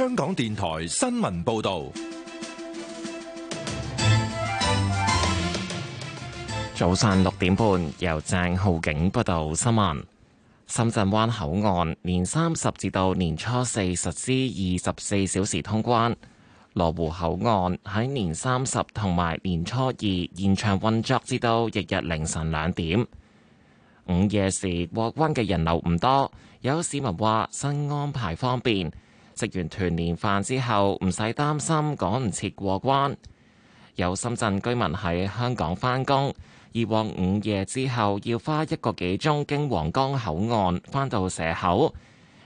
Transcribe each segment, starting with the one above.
香港電台新聞報道，早上六點半由鄭浩景報道新聞。深圳灣口岸年三十至到年初四實施二十四小時通關，羅湖口岸喺年三十同埋年初二延長運作，至到翌日凌晨兩點。午夜時過關嘅人流唔多，有市民話新安排方便。食完團年飯之後，唔使擔心趕唔切過關。有深圳居民喺香港返工，以往午夜之後要花一個幾鐘經皇崗口岸返到蛇口，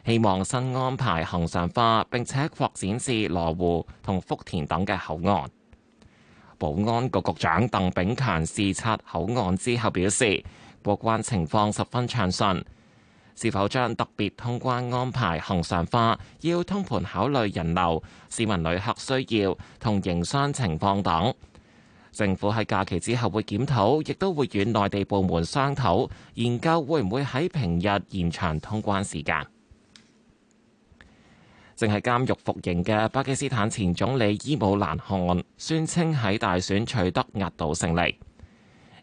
希望新安排恆常化並且擴展至羅湖同福田等嘅口岸。保安局局長鄧炳強視察口岸之後表示，過關情況十分暢順。是否將特別通關安排恒常化？要通盤考慮人流、市民旅客需要同營商情況等。政府喺假期之後會檢討，亦都會與內地部門商討，研究會唔會喺平日延長通關時間。正係監獄服刑嘅巴基斯坦前總理伊姆蘭汗宣稱喺大選取得壓倒勝利。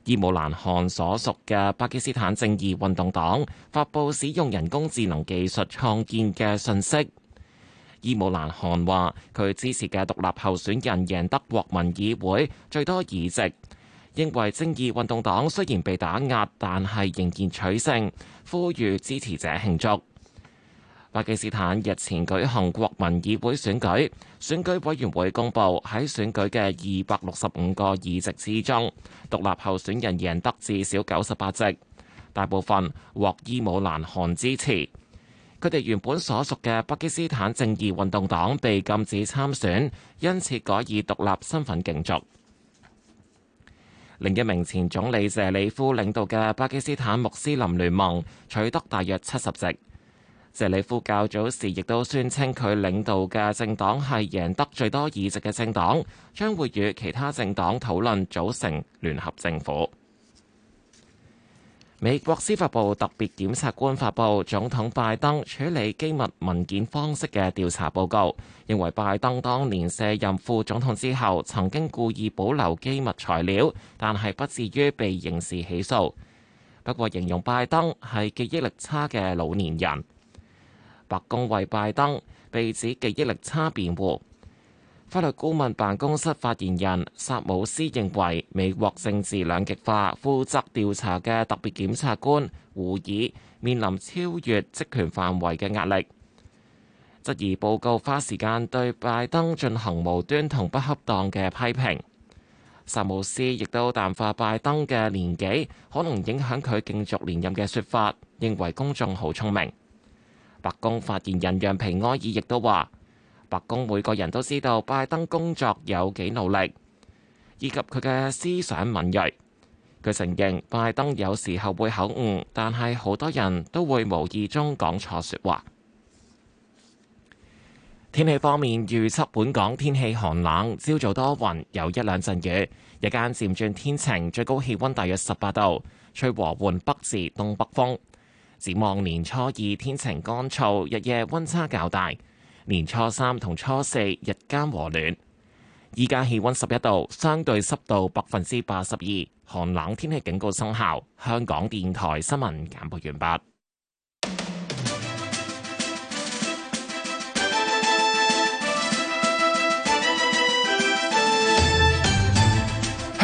伊姆蘭汗所屬嘅巴基斯坦正義運動黨發佈使用人工智能技術創建嘅信息。伊姆蘭汗話，佢支持嘅獨立候選人贏得國民議會最多議席，認為正義運動黨雖然被打壓，但係仍然取勝，呼籲支持者慶祝。巴基斯坦日前舉行國民議會選舉，選舉委員會公佈，喺選舉嘅二百六十五個議席之中，獨立候選人贏得至少九十八席，大部分獲伊姆蘭汗支持。佢哋原本所屬嘅巴基斯坦正義運動黨被禁止參選，因此改以獨立身份競逐。另一名前總理謝里夫領導嘅巴基斯坦穆斯林聯盟取得大約七十席。謝里夫較早時亦都宣稱，佢領導嘅政黨係贏得最多議席嘅政黨，將會與其他政黨討論組成聯合政府。美國司法部特別檢察官發布總統拜登處理機密文件方式嘅調查報告，認為拜登當年卸任副總統之後，曾經故意保留機密材料，但係不至於被刑事起訴。不過，形容拜登係記憶力差嘅老年人。白宮為拜登被指記憶力差辯護，法律顧問辦公室發言人薩姆斯認為美國政治兩極化，負責調查嘅特別檢察官胡爾面臨超越職權範圍嘅壓力，質疑報告花時間對拜登進行無端同不恰當嘅批評。薩姆斯亦都淡化拜登嘅年紀可能影響佢競逐連任嘅說法，認為公眾好聰明。白宮發言人讓皮埃爾亦都話：白宮每個人都知道拜登工作有幾努力，以及佢嘅思想敏銳。佢承認拜登有時候會口誤，但係好多人都會無意中講錯說錯話。天氣方面，預測本港天氣寒冷，朝早多雲，有一兩陣雨，日間漸轉天晴，最高氣温大約十八度，吹和緩北至東北風。展望年初二天晴乾燥，日夜溫差較大。年初三同初四日間和暖。依家氣溫十一度，相對濕度百分之八十二，寒冷天氣警告生效。香港電台新聞簡報完畢。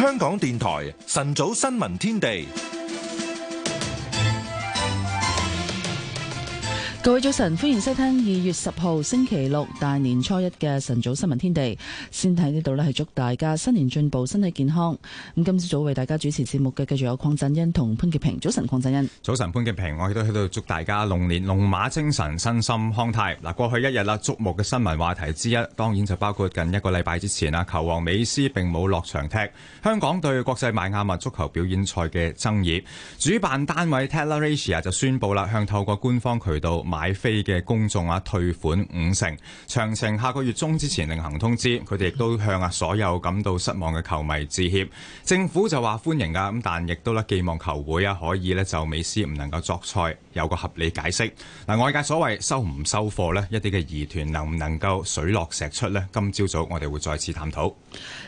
香港電台晨早新聞天地。各位早晨，歡迎收聽二月十號星期六大年初一嘅晨早新聞天地。先睇呢度呢，係祝大家新年進步，身體健康。咁今朝早為大家主持節目嘅，繼續有鄺振欣同潘潔平。早晨，鄺振欣。早晨，潘潔平。我亦都喺度祝大家龍年龍馬精神，身心康泰。嗱，過去一日啦，矚目嘅新聞話題之一，當然就包括近一個禮拜之前啦，球王美斯並冇落場踢香港對國際邁阿密足球表演賽嘅爭議。主辦單位 Tatler Asia 就宣布啦，向透過官方渠道。買飛嘅公眾啊，退款五成。詳情下個月中之前另行通知。佢哋亦都向啊所有感到失望嘅球迷致歉。政府就話歡迎噶，咁但亦都咧寄望球會啊可以咧就美斯唔能夠作賽，有一個合理解釋。嗱，外界所謂收唔收貨咧，一啲嘅疑團能唔能夠水落石出咧？今朝早我哋會再次探討。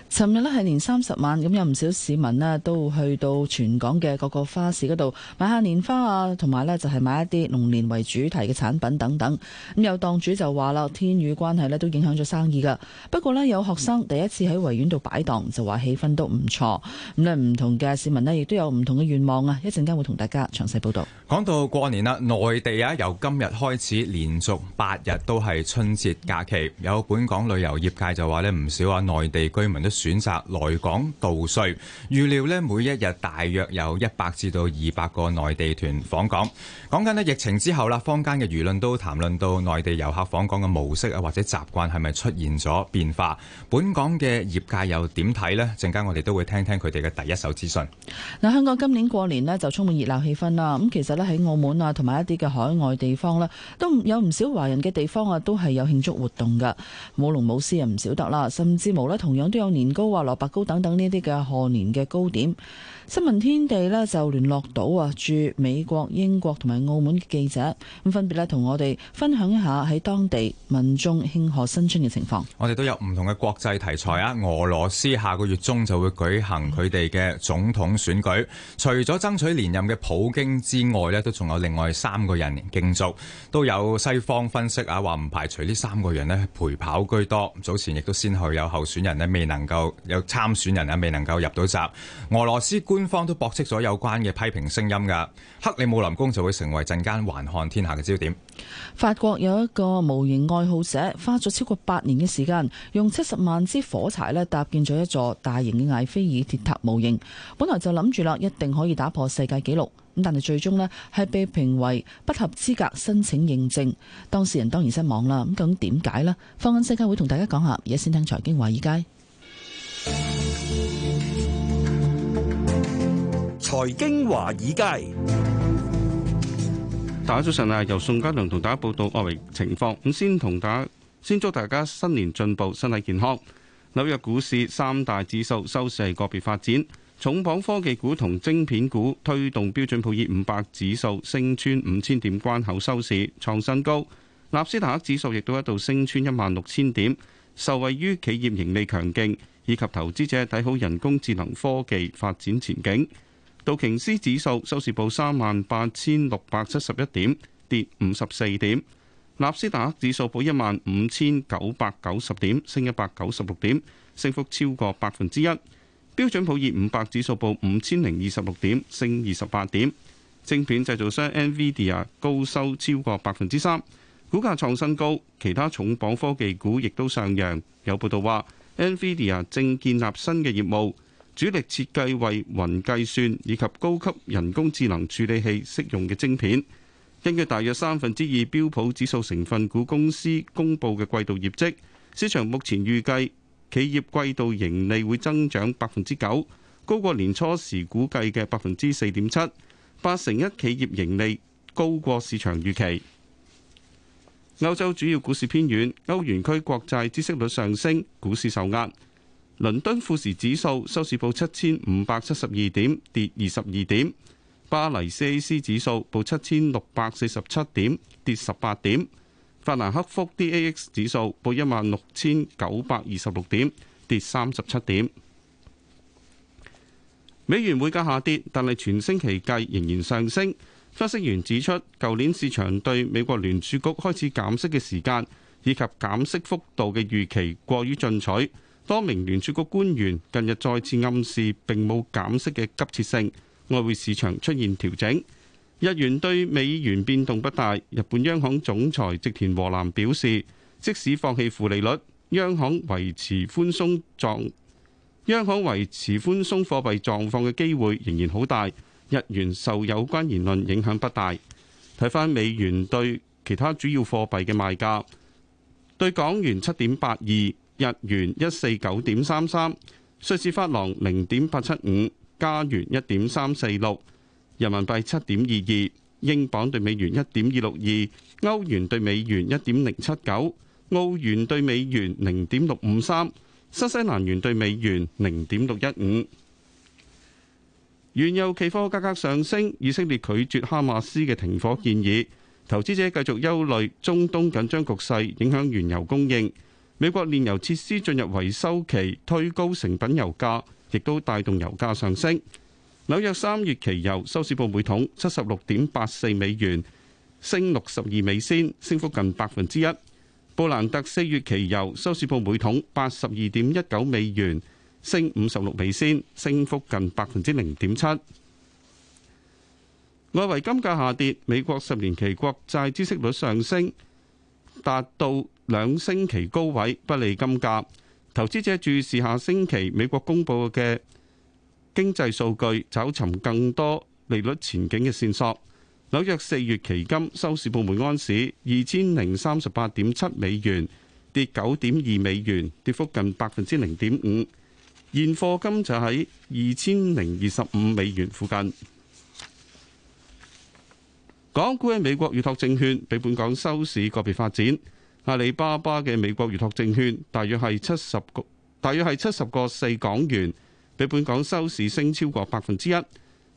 尋日咧係年三十晚，咁有唔少市民咧都去到全港嘅各個花市嗰度買下年花啊，同埋咧就係買一啲龍年為主題嘅產品等等，咁有檔主就話啦，天雨關係咧都影響咗生意噶。不過咧，有學生第一次喺維園度擺檔，就話氣氛都唔錯。咁咧，唔同嘅市民咧，亦都有唔同嘅願望啊。一陣間會同大家詳細報道。講到過年啦，內地啊，由今日開始連續八日都係春節假期。有本港旅遊業界就話咧，唔少啊內地居民都選擇來港度歲。預料咧，每一日大約有一百至到二百個內地團訪港。講緊咧疫情之後啦，坊間，嘅輿論都談論到內地遊客訪港嘅模式啊，或者習慣係咪出現咗變化？本港嘅業界又點睇呢？陣間我哋都會聽聽佢哋嘅第一手資訊。嗱，香港今年過年呢，就充滿熱鬧氣氛啦。咁其實咧喺澳門啊，同埋一啲嘅海外地方咧，都有唔少華人嘅地方啊，都係有慶祝活動噶，舞龍舞獅啊，唔少得啦，甚至乎呢同樣都有年糕啊、蘿蔔糕等等呢啲嘅賀年嘅糕點。新聞天地呢就聯絡到啊駐美國、英國同埋澳門嘅記者，咁分別咧同我哋分享一下喺當地民眾慶賀新春嘅情況。我哋都有唔同嘅國際題材啊，俄羅斯下個月中就會舉行佢哋嘅總統選舉，除咗爭取連任嘅普京之外咧，都仲有另外三個人競逐，都有西方分析啊話唔排除呢三個人呢陪跑居多。早前亦都先去有候選人呢未能夠有參選人啊未能夠入到閘，俄羅斯官。官方都駁斥咗有關嘅批評聲音噶，克里姆林宮就會成為陣間環看天下嘅焦點。法國有一個模型愛好者花咗超過八年嘅時間，用七十萬支火柴咧搭建咗一座大型嘅艾菲爾鐵塔模型。本來就諗住啦，一定可以打破世界紀錄，咁但係最終呢，係被評為不合資格申請認證，當事人當然失望啦。咁究竟點解呢？方恩世界會同大家講下，而家先聽財經華爾街。財經華爾街，大家早晨啊！由宋嘉良同大家報道外圍情況。咁先同大家，先祝大家新年進步，身體健康。紐約股市三大指數收市係個別發展，重磅科技股同晶片股推動標準普爾五百指數升穿五千點關口收市，創新高。納斯達克指數亦都一度升穿一萬六千點，受惠於企業盈利強勁以及投資者睇好人工智能科技發展前景。道瓊斯指數收市報三萬八千六百七十一點，跌五十四點。納斯達克指數報一萬五千九百九十點，升一百九十六點，升幅超過百分之一。標準普爾五百指數報五千零二十六點，升二十八點。晶片製造商 NVIDIA 高收超過百分之三，股價創新高。其他重磅科技股亦都上揚。有報道話，NVIDIA 正建立新嘅業務。主力設計為雲計算以及高級人工智能處理器適用嘅晶片，根據大約三分之二標普指數成分股公司公佈嘅季度業績，市場目前預計企業季度盈利會增長百分之九，高過年初時估計嘅百分之四點七，八成一企業盈利高過市場預期。歐洲主要股市偏軟，歐元區國債孳息率上升，股市受壓。倫敦富時指數收市報七千五百七十二點，跌二十二點。巴黎 CAC 指數報七千六百四十七點，跌十八點。法蘭克福 DAX 指數報一萬六千九百二十六點，跌三十七點。美元匯價下跌，但係全星期計仍然上升。分析員指出，舊年市場對美國聯儲局開始減息嘅時間以及減息幅度嘅預期過於進取。多名聯儲局官員近日再次暗示並冇減息嘅急切性，外匯市場出現調整。日元對美元變動不大。日本央行總裁植田和男表示，即使放棄負利率，央行維持寬鬆狀，央行維持寬鬆貨幣狀況嘅機會仍然好大。日元受有關言論影響不大。睇返美元對其他主要貨幣嘅賣價，對港元七點八二，日元一四九點三三，瑞士法郎零點八七五，加元一點三四六，人民幣七點二二，英鎊對美元一點二六二，歐元對美元一點零七九，澳元對美元零點六五三，新西蘭元對美元零點六一五。原油期貨價格上升，以色列拒絕哈馬斯嘅停火建議，投資者繼續憂慮中東緊張局勢影響原油供應。美國煉油設施進入維修期，推高成品油價，亦都帶動油價上升。紐約三月期油收市報每桶七十六點八四美元，升六十二美仙，升幅近百分之一。布蘭特四月期油收市報每桶八十二點一九美元，升五十六美仙，升幅近百分之零點七。外圍金價下跌，美國十年期國債孳息率上升，達到。兩星期高位不利金價，投資者注視下星期美國公佈嘅經濟數據，找尋更多利率前景嘅線索。紐約四月期金收市報每安士二千零三十八點七美元，跌九點二美元，跌幅近百分之零點五。現貨金就喺二千零二十五美元附近。港股喺美國預託證券，比本港收市個別發展。阿里巴巴嘅美國預託證券大約係七十個，大約係七十個四港元，比本港收市升超過百分之一。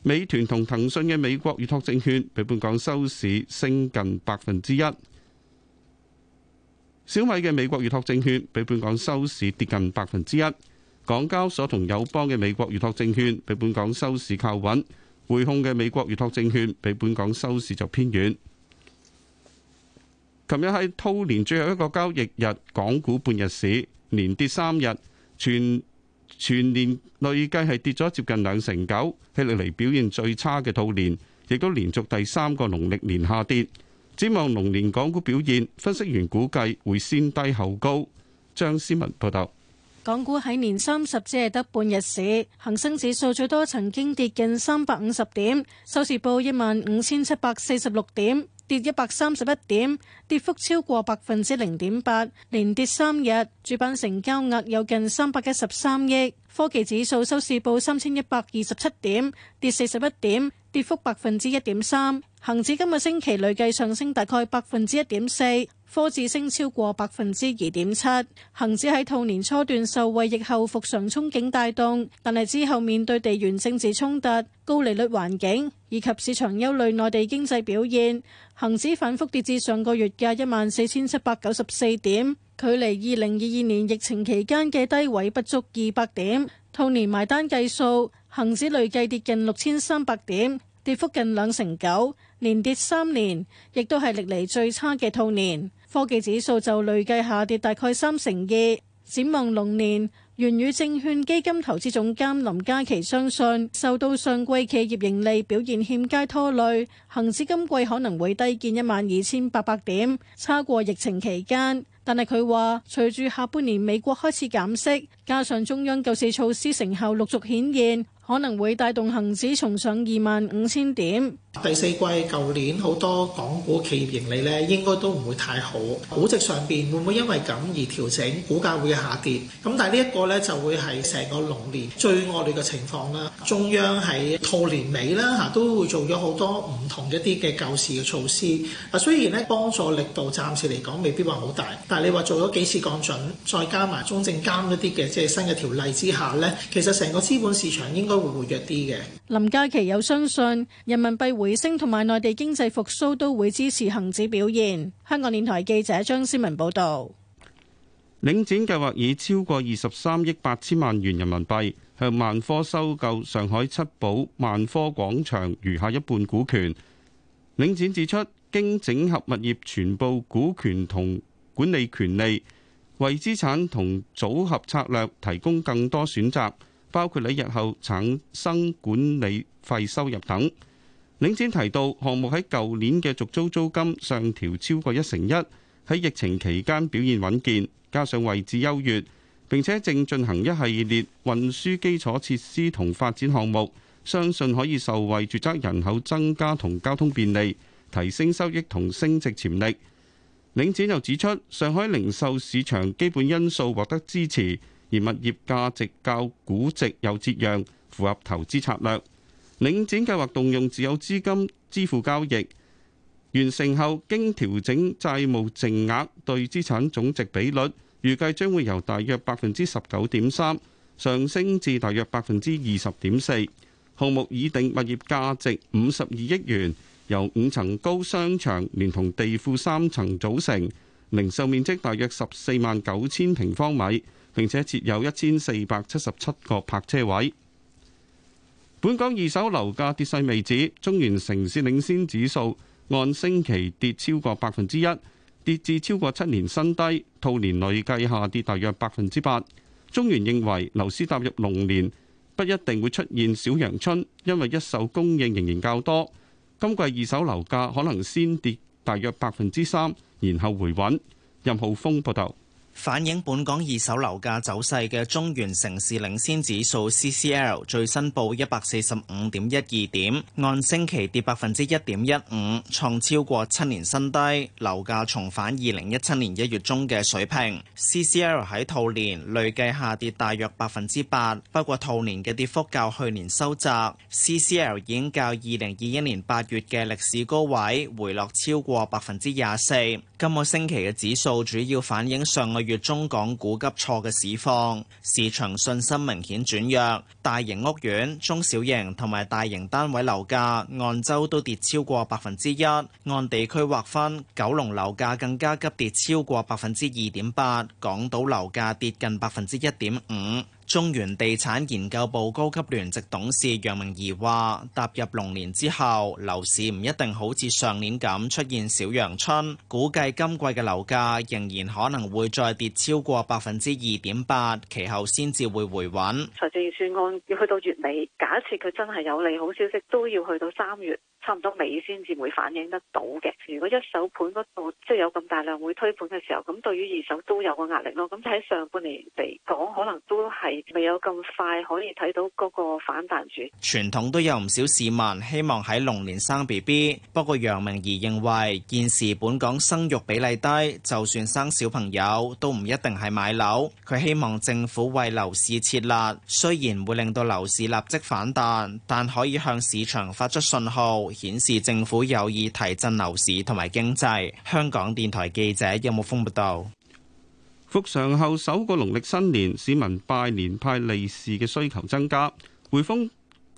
美團同騰訊嘅美國預託證券比本港收市升近百分之一。小米嘅美國預託證券比本港收市跌近百分之一。港交所同友邦嘅美國預託證券比本港收市靠穩，匯控嘅美國預託證券比本港收市就偏軟。琴日喺兔年最後一個交易日，港股半日市連跌三日，全全年累計係跌咗接近兩成九，係歷嚟表現最差嘅兔年，亦都連續第三個農曆年下跌。展望龍年港股表現，分析員估計會先低後高。張思文報道，港股喺年三十只係得半日市，恒生指數最多曾經跌近三百五十點，收市報一萬五千七百四十六點。跌一百三十一點，跌幅超過百分之零點八，連跌三日。主板成交額有近三百一十三億。科技指數收市報三千一百二十七點，跌四十一點，跌幅百分之一點三。恒指今個星期累計上升大概百分之一點四。科指升超過百分之二點七，恒指喺兔年初段受惠疫後復常憧憬帶動，但係之後面對地緣政治衝突、高利率環境以及市場憂慮內地經濟表現，恒指反覆跌至上個月嘅一萬四千七百九十四點，距離二零二二年疫情期間嘅低位不足二百點。兔年埋單計數，恒指累計跌近六千三百點，跌幅近兩成九，連跌三年，亦都係歷嚟最差嘅兔年。科技指數就累計下跌大概三成二。展望龍年，源宇證券基金投資總監林嘉琪相信，受到上季企業盈利表現欠佳拖累，恒指今季可能會低見一萬二千八百點，差過疫情期間。但係佢話，隨住下半年美國開始減息，加上中央救市措施成效陸續顯現，可能會帶動恒指重上二萬五千點。第四季舊年好多港股企業盈利咧，應該都唔會太好。估值上邊會唔會因為咁而調整股價會下跌？咁但係呢一個咧就會係成個龍年最惡劣嘅情況啦。中央喺兔年尾啦吓都會做咗好多唔同一啲嘅救市嘅措施。啊，雖然咧幫助力度暫時嚟講未必話好大，但係你話做咗幾次降準，再加埋中證監一啲嘅即係新嘅條例之下咧，其實成個資本市場應該會活躍啲嘅。林嘉琪有相信，人民幣回升同埋內地經濟復甦都會支持恒指表現，香港電台記者張思文報道。領展計劃以超過二十三億八千萬元人民幣向萬科收購上海七寶萬科廣場餘下一半股權，領展指出，經整合物業全部股權同管理權利，為資產同組合策略提供更多選擇。包括喺日後產生管理費收入等。領展提到，項目喺舊年嘅續租租金上調超過一成一，喺疫情期間表現穩健，加上位置優越，並且正進行一系列運輸基礎設施同發展項目，相信可以受惠住宅人口增加同交通便利，提升收益同升值潛力。領展又指出，上海零售市場基本因素獲得支持。而物業價值較估值有折讓，符合投資策略。領展計劃動用自有資金支付交易完成後，經調整債務淨額對資產總值比率，預計將會由大約百分之十九點三上升至大約百分之二十點四。項目已定，物業價值五十二億元，由五層高商場連同地庫三層組成，零售面積大約十四萬九千平方米。並且設有一千四百七十七個泊車位。本港二手樓價跌勢未止，中原城市領先指數按星期跌超過百分之一，跌至超過七年新低，兔年累計下跌大約百分之八。中原認為樓市踏入龍年不一定會出現小陽春，因為一手供應仍然較多，今季二手樓價可能先跌大約百分之三，然後回穩。任浩峰報道。反映本港二手樓價走勢嘅中原城市領先指數 CCL 最新報一百四十五點一二點，按星期跌百分之一點一五，創超過七年新低，樓價重返二零一七年一月中嘅水平。CCL 喺兔年累計下跌大約百分之八，不過兔年嘅跌幅較去年收窄。CCL 已經較二零二一年八月嘅歷史高位回落超過百分之廿四。今個星期嘅指數主要反映上個月。月中港股急挫嘅市況，市場信心明顯轉弱。大型屋苑、中小型同埋大型單位樓價，按周都跌超過百分之一。按地區劃分，九龍樓價更加急跌超過百分之二點八，港島樓價跌近百分之一點五。中原地產研究部高級聯席董事楊明儀話，踏入龍年之後，樓市唔一定好似上年咁出現小陽春，估計今季嘅樓價仍然可能會再跌超過百分之二點八，其後先至會回穩。財政預算案要去到月尾，假設佢真係有利好消息，都要去到三月。差唔多尾先至會反映得到嘅。如果一手盤嗰度即係有咁大量會推盤嘅時候，咁對於二手都有個壓力咯。咁喺上半年嚟講，可能都係未有咁快可以睇到嗰個反彈住。傳統都有唔少市民希望喺龍年生 B B，不過楊明儀認為現時本港生育比例低，就算生小朋友都唔一定係買樓。佢希望政府為樓市設立，雖然會令到樓市立即反彈，但可以向市場發出信號。顯示政府有意提振樓市同埋經濟。香港電台記者任木峰報道：復常後首個農曆新年，市民拜年派利是嘅需求增加。匯豐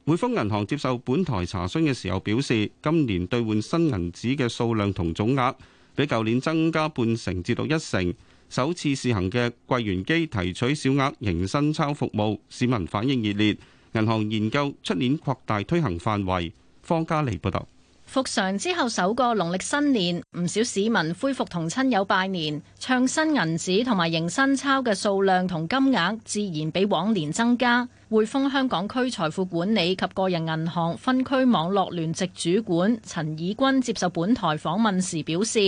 匯豐銀行接受本台查詢嘅時候表示，今年兌換新銀紙嘅數量同總額比舊年增加半成至到一成。首次試行嘅櫃員機提取小額迎新鈔服務，市民反應熱烈。銀行研究出年擴大推行範圍。方家莉報道，復常之後首個農曆新年，唔少市民恢復同親友拜年，唱新銀紙同埋迎新鈔嘅數量同金額，自然比往年增加。匯豐香港區財富管理及個人銀行分區網絡聯席主管陳以軍接受本台訪問時表示，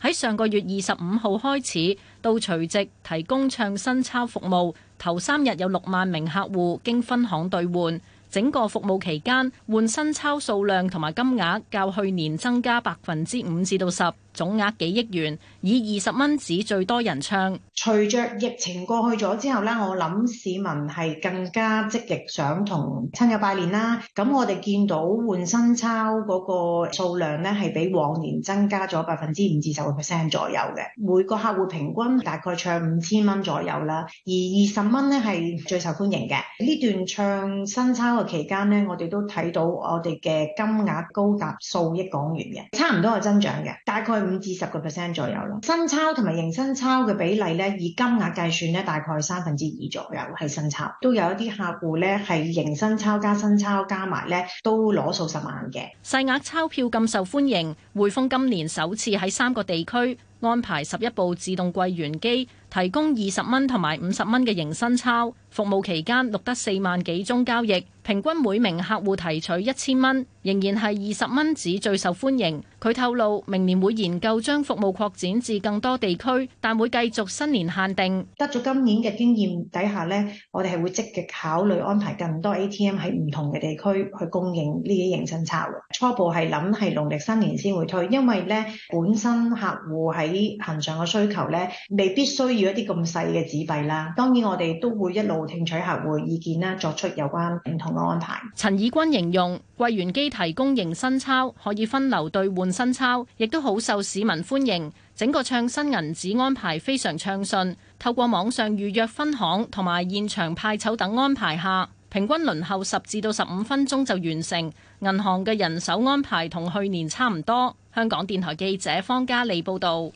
喺上個月二十五號開始到除夕提供唱新鈔服務，頭三日有六萬名客戶經分行兌換。整個服務期間換新鈔數量同埋金額較去年增加百分之五至到十。總額幾億元，以二十蚊紙最多人唱。隨着疫情過去咗之後咧，我諗市民係更加積極想同親友拜年啦。咁我哋見到換新鈔嗰個數量咧，係比往年增加咗百分之五至十個 percent 左右嘅。每個客戶平均大概唱五千蚊左右啦。而二十蚊咧係最受歡迎嘅。呢段唱新鈔嘅期間咧，我哋都睇到我哋嘅金額高達數億港元嘅，差唔多係增長嘅，大概。五至十個 percent 左右啦，新鈔同埋迎新鈔嘅比例咧，以金額計算咧，大概三分之二左右係新鈔，都有一啲客戶咧係迎新鈔加新鈔加埋咧，都攞數十萬嘅細額鈔票咁受歡迎，匯豐今年首次喺三個地區安排十一部自動櫃員機，提供二十蚊同埋五十蚊嘅迎新鈔。服務期間錄得四萬幾宗交易，平均每名客戶提取一千蚊，仍然係二十蚊紙最受歡迎。佢透露明年會研究將服務擴展至更多地區，但會繼續新年限定。得咗今年嘅經驗底下呢，我哋係會積極考慮安排更多 ATM 喺唔同嘅地區去供應呢啲迎新鈔。初步係諗係農曆新年先會推，因為呢，本身客戶喺恆常嘅需求呢，未必需要一啲咁細嘅紙幣啦。當然我哋都會一路。聽取客戶意見啦，作出有關認同嘅安排。陳以軍形容，櫃員機提供迎新鈔，可以分流兌換新鈔，亦都好受市民歡迎。整個唱新銀紙安排非常暢順，透過網上預約分行同埋現場派籌等安排下，平均輪候十至到十五分鐘就完成。銀行嘅人手安排同去年差唔多。香港電台記者方嘉利報道。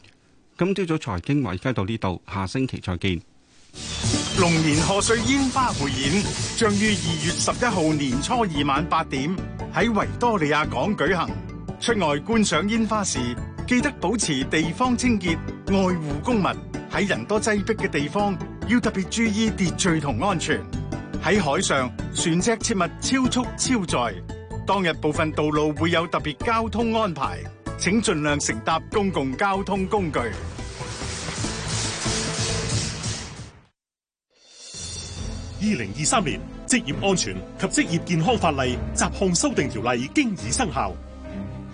今朝早財經委街到呢度，下星期再見。龍年賀歲煙花匯演將於二月十一號年初二晚八點喺維多利亞港舉行。出外觀賞煙花時，記得保持地方清潔，愛護公物。喺人多擠逼嘅地方，要特別注意秩序同安全。喺海上，船隻切勿超速超載。當日部分道路會有特別交通安排，請盡量乘搭公共交通工具。二零二三年職業安全及職業健康法例雜項修訂條例經已生效，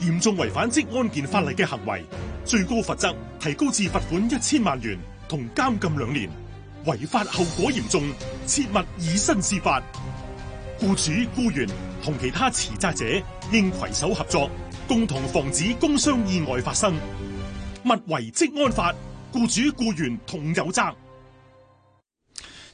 嚴重違反職安健法例嘅行為，最高罰則提高至罰款一千萬元同監禁兩年。違法後果嚴重，切勿以身試法。雇主、雇員同其他持責者應攜手合作，共同防止工傷意外發生。勿違職安法，雇主雇員同有責。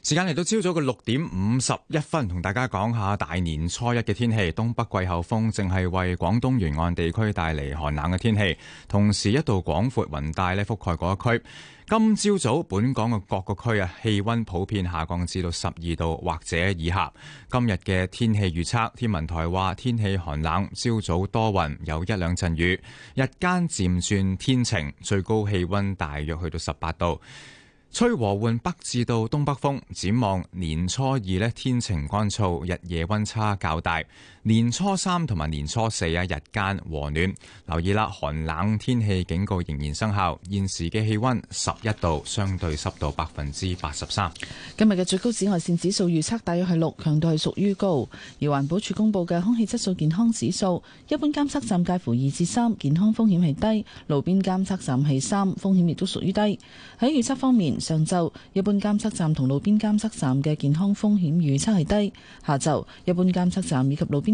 時間嚟到朝早嘅六點五十一分，同大家講下大年初一嘅天氣。東北季候風正係為廣東沿岸地區帶嚟寒冷嘅天氣，同時一道廣闊雲帶呢覆蓋嗰一區。今朝早本港嘅各個區啊，氣温普遍下降至到十二度或者以下。今日嘅天氣預測，天文台話天氣寒冷，朝早多雲，有一兩陣雨，日間漸轉天晴，最高氣温大約去到十八度。吹和緩北至到東北風，展望年初二呢，天晴乾燥，日夜溫差較大。年初三同埋年初四啊，日間和暖，留意啦，寒冷天氣警告仍然生效。現時嘅氣溫十一度，相對濕度百分之八十三。今日嘅最高紫外線指數預測大約係六，強度係屬於高。而環保署公布嘅空氣質素健康指數一般監測站介乎二至三，健康風險係低；路邊監測站係三，風險亦都屬於低。喺預測方面，上晝一般監測站同路邊監測站嘅健康風險預測係低。下晝一般監測站以及路邊。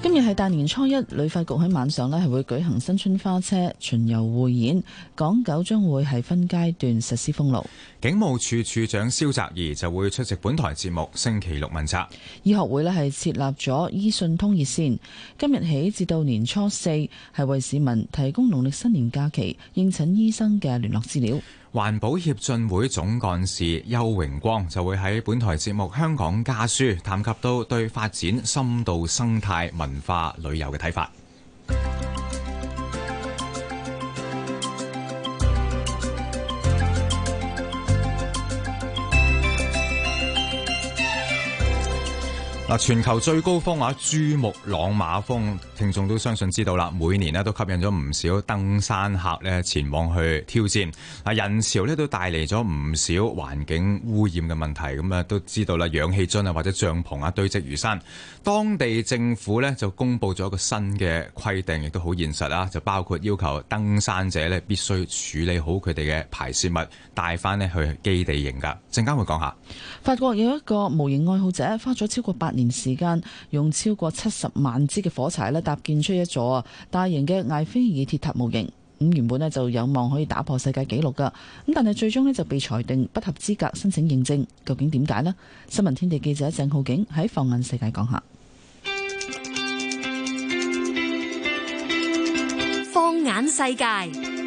今日係大年初一，旅發局喺晚上咧，係會舉行新春花車巡遊匯演。港九將會係分階段實施封路。警務處處長蕭澤頤就會出席本台節目星期六問責。醫學會咧，係設立咗醫訊通熱線，今日起至到年初四係為市民提供農曆新年假期應診醫生嘅聯絡資料。環保協進會總幹事邱榮光就會喺本台節目《香港家書》談及到對發展深度生態文化旅遊嘅睇法。嗱，全球最高峰啊，珠穆朗瑪峰，聽眾都相信知道啦。每年咧都吸引咗唔少登山客咧前往去挑戰。啊人潮咧都帶嚟咗唔少環境污染嘅問題。咁啊，都知道啦，氧氣樽啊或者帳篷啊堆積如山。當地政府咧就公布咗一個新嘅規定，亦都好現實啦。就包括要求登山者咧必須處理好佢哋嘅排泄物，帶翻咧去基地營噶。陣間會講下。法國有一個模型愛好者，花咗超過八年時間用超過七十萬支嘅火柴咧搭建出一座大型嘅艾菲爾鐵塔模型，咁原本咧就有望可以打破世界紀錄噶，咁但係最終咧就被裁定不合資格申請認證，究竟點解呢？新聞天地記者鄭浩景喺放眼世界講下，放眼世界。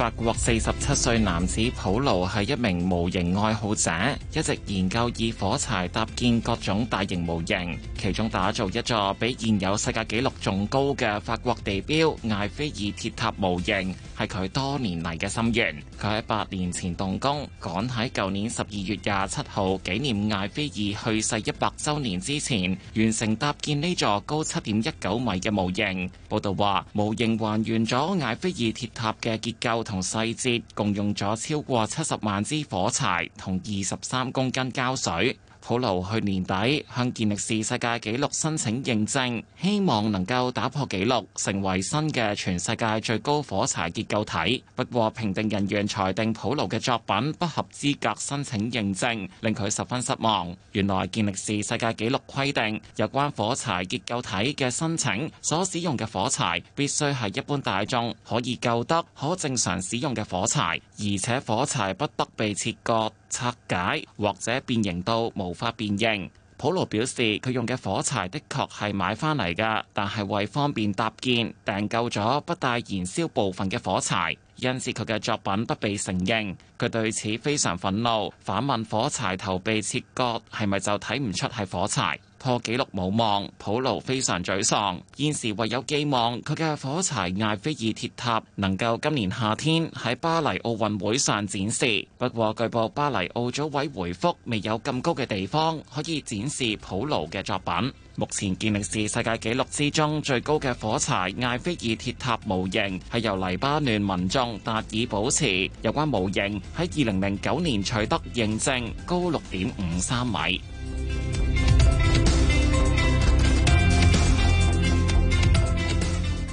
法國四十七歲男子普勞係一名模型愛好者，一直研究以火柴搭建各種大型模型，其中打造一座比現有世界紀錄仲高嘅法國地標艾菲爾鐵塔模型，係佢多年嚟嘅心願。佢喺八年前動工，趕喺舊年十二月廿七號，紀念艾菲爾去世一百周年之前，完成搭建呢座高七點一九米嘅模型。報道話，模型還原咗艾菲爾鐵塔嘅結構。同細節共用咗超過七十萬支火柴同二十三公斤膠水。普勞去年底向健力士世界紀錄申請認證，希望能夠打破紀錄，成為新嘅全世界最高火柴結構體。不過評定人員裁定普勞嘅作品不合資格申請認證，令佢十分失望。原來健力士世界紀錄規定，有關火柴結構體嘅申請所使用嘅火柴必須係一般大眾可以購得、可正常使用嘅火柴，而且火柴不得被切割。拆解或者變形到無法辨認。普羅表示佢用嘅火柴的確係買翻嚟㗎，但係為方便搭建，訂購咗不帶燃燒部分嘅火柴，因此佢嘅作品不被承認。佢對此非常憤怒，反問火柴頭被切割係咪就睇唔出係火柴？破紀錄冇望，普勞非常沮喪。現時唯有寄望佢嘅火柴埃菲爾鐵塔能夠今年夏天喺巴黎奧運會上展示。不過據報巴黎奧組委回覆，未有咁高嘅地方可以展示普勞嘅作品。目前健力士世界紀錄之中最高嘅火柴埃菲爾鐵塔模型，係由黎巴嫩民眾達爾保持。有關模型喺二零零九年取得認證，高六點五三米。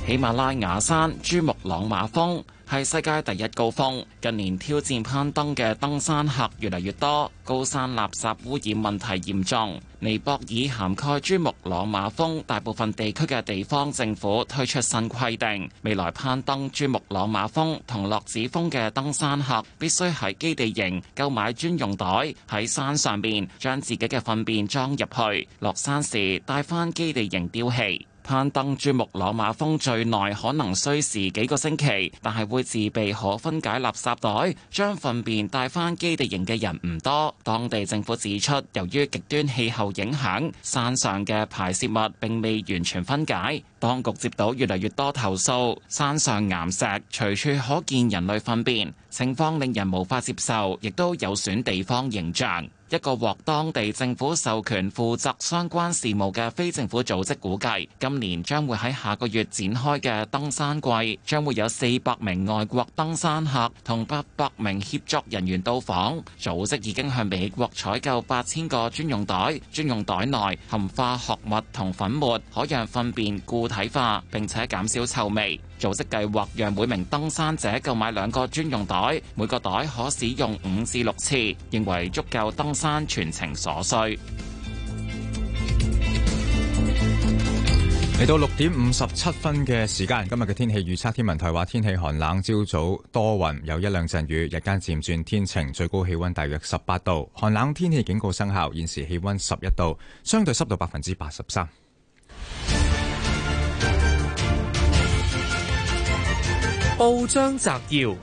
喜馬拉雅山珠穆朗瑪峰係世界第一高峰，近年挑戰攀登嘅登山客越嚟越多，高山垃圾污染問題嚴重。尼泊爾涵蓋珠穆朗瑪峰大部分地區嘅地方政府推出新規定，未來攀登珠穆朗瑪峰同洛子峰嘅登山客必須喺基地營購買專用袋，喺山上邊將自己嘅糞便裝入去，落山時帶翻基地營丟棄。攀登珠穆朗瑪峰最耐可能需時幾個星期，但係會自備可分解垃圾袋，將糞便帶翻基地營嘅人唔多。當地政府指出，由於極端氣候影響，山上嘅排泄物並未完全分解。當局接到越嚟越多投訴，山上岩石隨處可見人類糞便，情況令人無法接受，亦都有損地方形象。一個獲當地政府授權負責相關事務嘅非政府組織估計，今年將會喺下個月展開嘅登山季，將會有四百名外國登山客同八百名協助人員到訪。組織已經向美國採購八千個專用袋，專用袋內含化學物同粉末，可讓糞便固體化並且減少臭味。組織計劃讓每名登山者購買兩個專用袋，每個袋可使用五至六次，認為足夠登山全程所需。嚟到六點五十七分嘅時間，今日嘅天氣預測天文台話：天氣寒冷，朝早多雲，有一兩陣雨，日間漸轉天晴，最高氣温大約十八度。寒冷天氣警告生效，現時氣温十一度，相對濕度百分之八十三。報章摘要。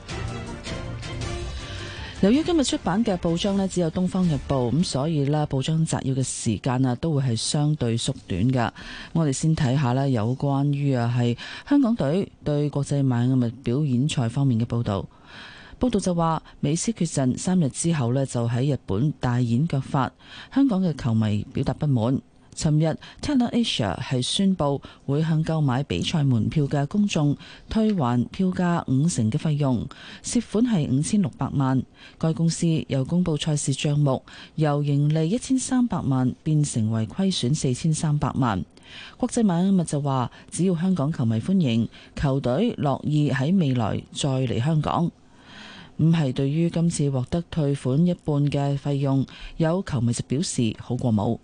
由於今日出版嘅報章咧只有《東方日報》，咁所以咧報章摘要嘅時間啊，都會係相對縮短噶。我哋先睇下咧有關於啊係香港隊對國際馬藝表演賽方面嘅報道。報道就話美斯缺陣三日之後咧就喺日本大演腳法，香港嘅球迷表達不滿。尋日，Tatler Asia 係宣布會向購買比賽門票嘅公眾退還票價五成嘅費用，涉款係五千六百萬。該公司又公布賽事帳目，由盈利一千三百萬變成為虧損四千三百萬。國際邁阿密就話，只要香港球迷歡迎，球隊樂意喺未來再嚟香港。唔係對於今次獲得退款一半嘅費用，有球迷就表示好過冇。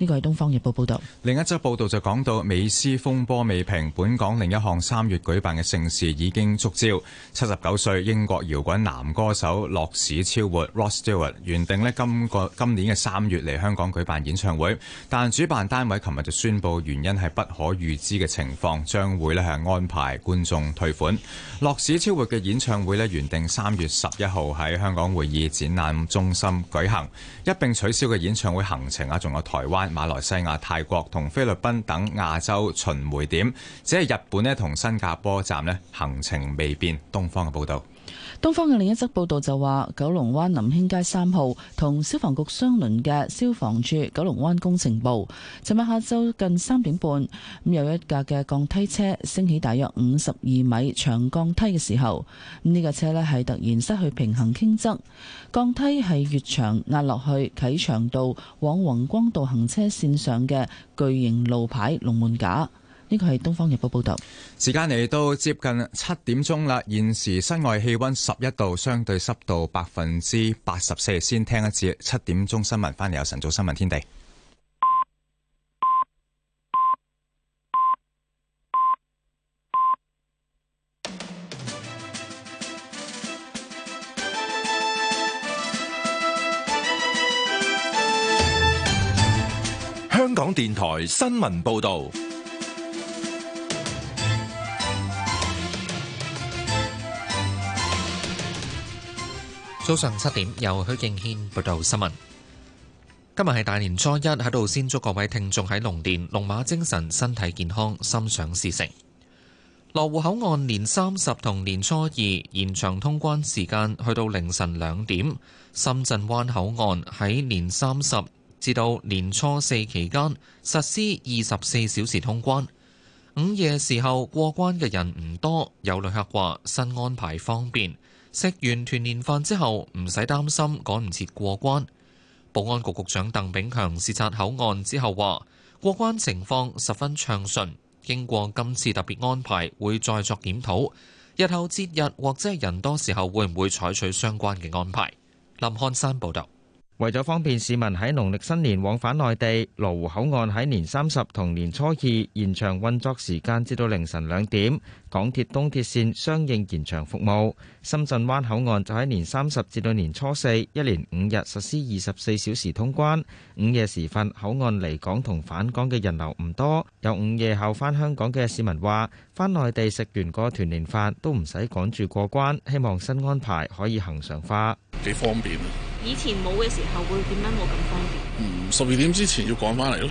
呢個係東方日報報道。另一則報道就講到美斯風波未平，本港另一項三月舉辦嘅盛事已經觸礁。七十九歲英國搖滾男歌手樂史超活 （Ross Stewart） 原定咧今個今年嘅三月嚟香港舉辦演唱會，但主辦單位琴日就宣布原因係不可預知嘅情況，將會咧係安排觀眾退款。樂史超活嘅演唱會咧原定三月十一號喺香港會議展覽中心舉行，一併取消嘅演唱會行程啊，仲有台灣。馬來西亞、泰國同菲律賓等亞洲巡回點，只係日本咧同新加坡站咧行程未變。東方嘅報道。東方嘅另一則報道就話，九龍灣林興街三號同消防局相鄰嘅消防處九龍灣工程部，尋日下晝近三點半，咁有一架嘅鋼梯車升起，大約五十二米長鋼梯嘅時候，呢架車咧係突然失去平衡傾側，鋼梯係越長壓落去啟祥道往宏光道行車線上嘅巨型路牌龍門架。呢個係東方日報報道。時間嚟到接近七點鐘啦，現時室外氣溫十一度，相對濕度百分之八十四。先聽一次七點鐘新聞，翻嚟有晨早新聞天地。香港電台新聞報道。早上七點，由許敬軒報道新聞。今日係大年初一，喺度先祝各位聽眾喺龍年龍馬精神，身體健康，心想事成。羅湖口岸年三十同年初二延長通關時間，去到凌晨兩點。深圳灣口岸喺年三十至到年初四期間實施二十四小時通關。午夜時候過關嘅人唔多，有旅客話新安排方便。食完團年飯之後，唔使擔心趕唔切過關。保安局局長鄧炳強視察口岸之後話，過關情況十分暢順，經過今次特別安排，會再作檢討。日後節日或者人多時候，會唔會採取相關嘅安排？林漢山報導。為咗方便市民喺農曆新年往返內地，羅湖口岸喺年三十同年初二延長運作時間至到凌晨兩點，港鐵東鐵線相應延長服務。深圳灣口岸就喺年三十至到年初四一連五日實施二十四小時通關。午夜時分，口岸離港同返港嘅人流唔多。有午夜後返香港嘅市民話。翻內地食完個團年飯都唔使趕住過關，希望新安排可以恆常化。幾方，方便。以前冇嘅時候會點樣冇咁方便？嗯，十二點之前要趕翻嚟咯，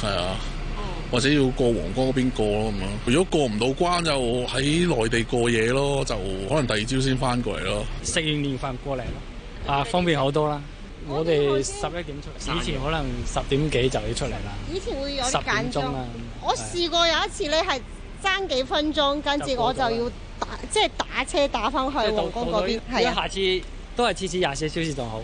係啊，oh. 或者要過皇崗嗰邊過咯咁樣。如果過唔到關就喺內地過夜咯，就可能第二朝先翻過嚟咯。食完年飯過嚟啊，方便好多啦。我哋十一點出嚟，以前可能十點幾就要出嚟啦。以前會有啲緊張。我試過有一次你是，你係。爭幾分鐘，跟住我就要打，即係打車打翻去皇崗嗰邊。係啊，下次都係次次廿四小時就好。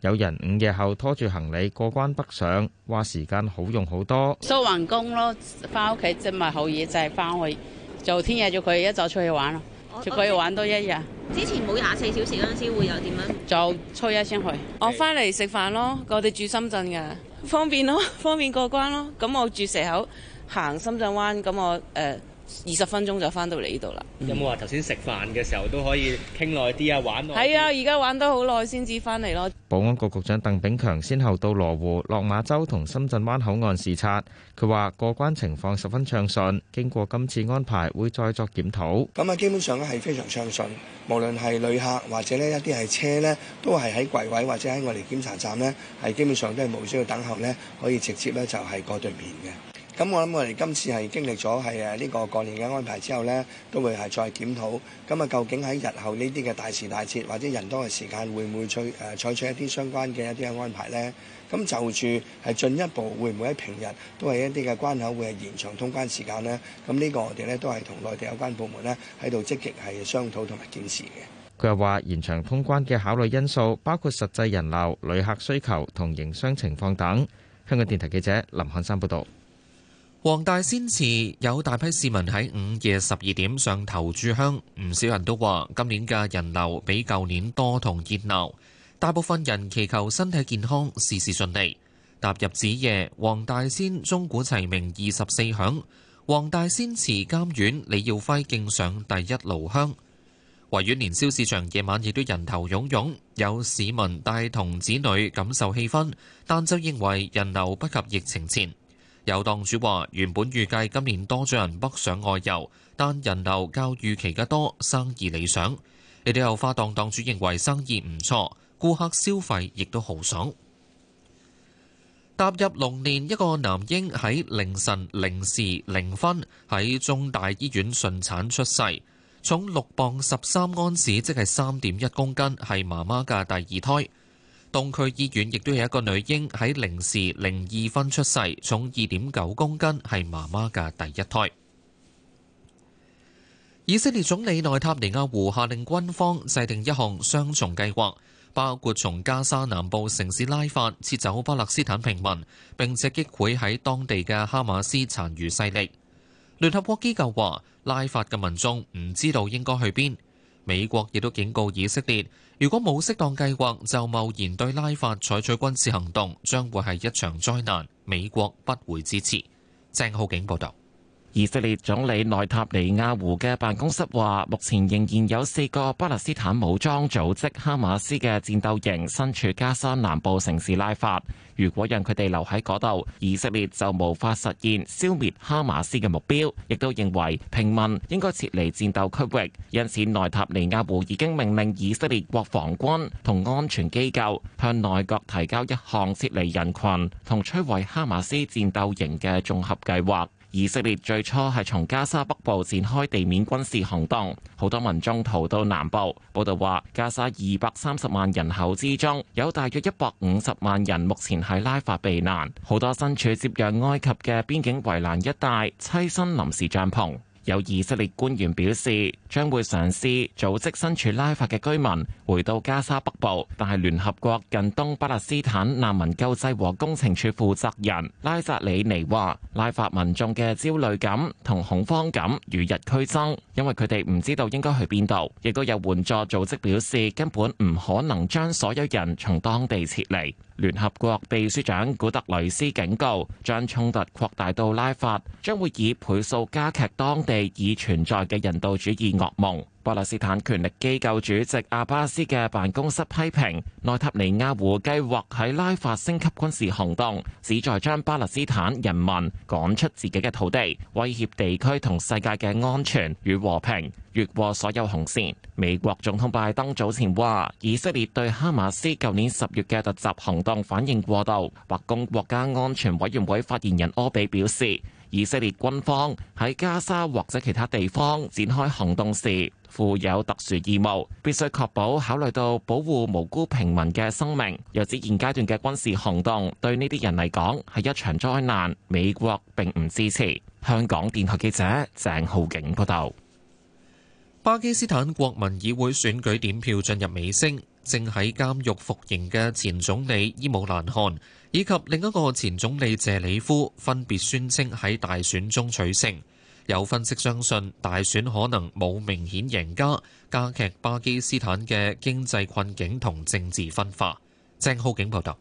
有人午夜後拖住行李過關北上，話時間好用好多。收完工咯，翻屋企即咪好嘢？就係、是、翻去做，聽日就佢一早出去玩咯，就可以玩多一日。之前冇廿四小時嗰陣時會有點樣？就早一先去，okay. 我翻嚟食飯咯。我哋住深圳嘅，方便咯，方便過關咯。咁我住蛇口，行深圳灣，咁我誒。呃二十分鐘就返到嚟呢度啦，有冇話頭先食飯嘅時候都可以傾耐啲啊，玩係啊，而家玩得好耐先至返嚟咯。保安局局長鄧炳強先後到羅湖、落馬洲同深圳灣口岸視察，佢話過關情況十分暢順，經過今次安排會再作檢討。咁啊，基本上咧係非常暢順，無論係旅客或者呢一啲係車呢，都係喺櫃位或者喺我哋檢查站呢，係基本上都係冇需要等候呢，可以直接呢就係過對面嘅。咁我諗，我哋今次係經歷咗係誒呢個過年嘅安排之後咧，都會係再檢討咁啊。究竟喺日後呢啲嘅大時大節或者人多嘅時間，會唔會採誒採取一啲相關嘅一啲嘅安排咧？咁就住係進一步會唔會喺平日都係一啲嘅關口會係延長通關時間咧？咁呢個我哋咧都係同內地有關部門咧喺度積極係商討同埋檢視嘅。佢又話：延長通關嘅考慮因素包括實際人流、旅客需求同營商情況等。香港電台記者林漢山報導。黃大仙祠有大批市民喺午夜十二點上頭炷香，唔少人都話今年嘅人流比舊年多同熱鬧。大部分人祈求身體健康、事事順利。踏入子夜，黃大仙鐘鼓齊鳴二十四響。黃大仙祠監院李耀輝敬上第一爐香。維園年宵市場，夜晚亦都人頭湧湧，有市民帶同子女感受氣氛，但就認為人流不及疫情前。有檔主話：原本預計今年多咗人北上外遊，但人流較預期嘅多，生意理想。亦都有花檔檔主認為生意唔錯，顧客消費亦都豪爽。踏入龍年，一個男嬰喺凌晨零時零分喺中大醫院順產出世，重六磅十三盎司，即係三點一公斤，係媽媽嘅第二胎。東區醫院亦都有一個女嬰喺零時零二分出世，重二點九公斤，係媽媽嘅第一胎。以色列總理內塔尼亞胡下令軍方制定一項雙重計劃，包括從加沙南部城市拉法撤走巴勒斯坦平民，並且擊潰喺當地嘅哈馬斯殘餘勢力。聯合國機構話，拉法嘅民眾唔知道應該去邊。美國亦都警告以色列。如果冇適當計劃，就貿然對拉法採取軍事行動，將會係一場災難。美國不會支持。鄭浩景報道。以色列總理內塔尼亞胡嘅辦公室話，目前仍然有四個巴勒斯坦武裝組織哈馬斯嘅戰鬥營身處加沙南部城市拉法。如果讓佢哋留喺嗰度，以色列就無法實現消滅哈馬斯嘅目標。亦都認為平民應該撤離戰鬥區域，因此內塔尼亞胡已經命令以色列國防軍同安全機構向內閣提交一項撤離人群同摧毀哈馬斯戰鬥營嘅綜合計劃。以色列最初係從加沙北部展開地面軍事行動，好多民眾逃到南部。報道話，加沙二百三十萬人口之中，有大約一百五十萬人目前係拉法避難，好多身處接壤埃及嘅邊境圍欄一帶，棲身臨時帳篷。有以色列官員表示，將會嘗試組織身處拉法嘅居民回到加沙北部，但係聯合國近東巴勒斯坦難民救濟和工程處負責人拉扎里尼話，拉法民眾嘅焦慮感同恐慌感與日俱增，因為佢哋唔知道應該去邊度，亦都有援助組織表示根本唔可能將所有人從當地撤離。聯合國秘書長古特雷斯警告，將衝突擴大到拉法，將會以倍數加劇當地已存在嘅人道主義噩夢。巴勒斯坦權力機構主席阿巴斯嘅辦公室批評內塔尼亞胡計劃喺拉法升級軍事行動，旨在將巴勒斯坦人民趕出自己嘅土地，威脅地區同世界嘅安全與和平，越過所有紅線。美國總統拜登早前話，以色列對哈馬斯舊年十月嘅突襲行動反應過度。白宮國家安全委員會發言人柯比表示，以色列軍方喺加沙或者其他地方展開行動時，負有特殊義務，必須確保考慮到保護無辜平民嘅生命。又指現階段嘅軍事行動對呢啲人嚟講，係一場災難。美國並唔支持。香港電台記者鄭浩景報道。巴基斯坦國民議會選舉點票進入尾聲，正喺監獄服刑嘅前總理伊姆蘭汗以及另一個前總理謝里夫分別宣稱喺大選中取勝。有分析相信，大選可能冇明顯贏家，加劇巴基斯坦嘅經濟困境同政治分化。鄭浩景報道。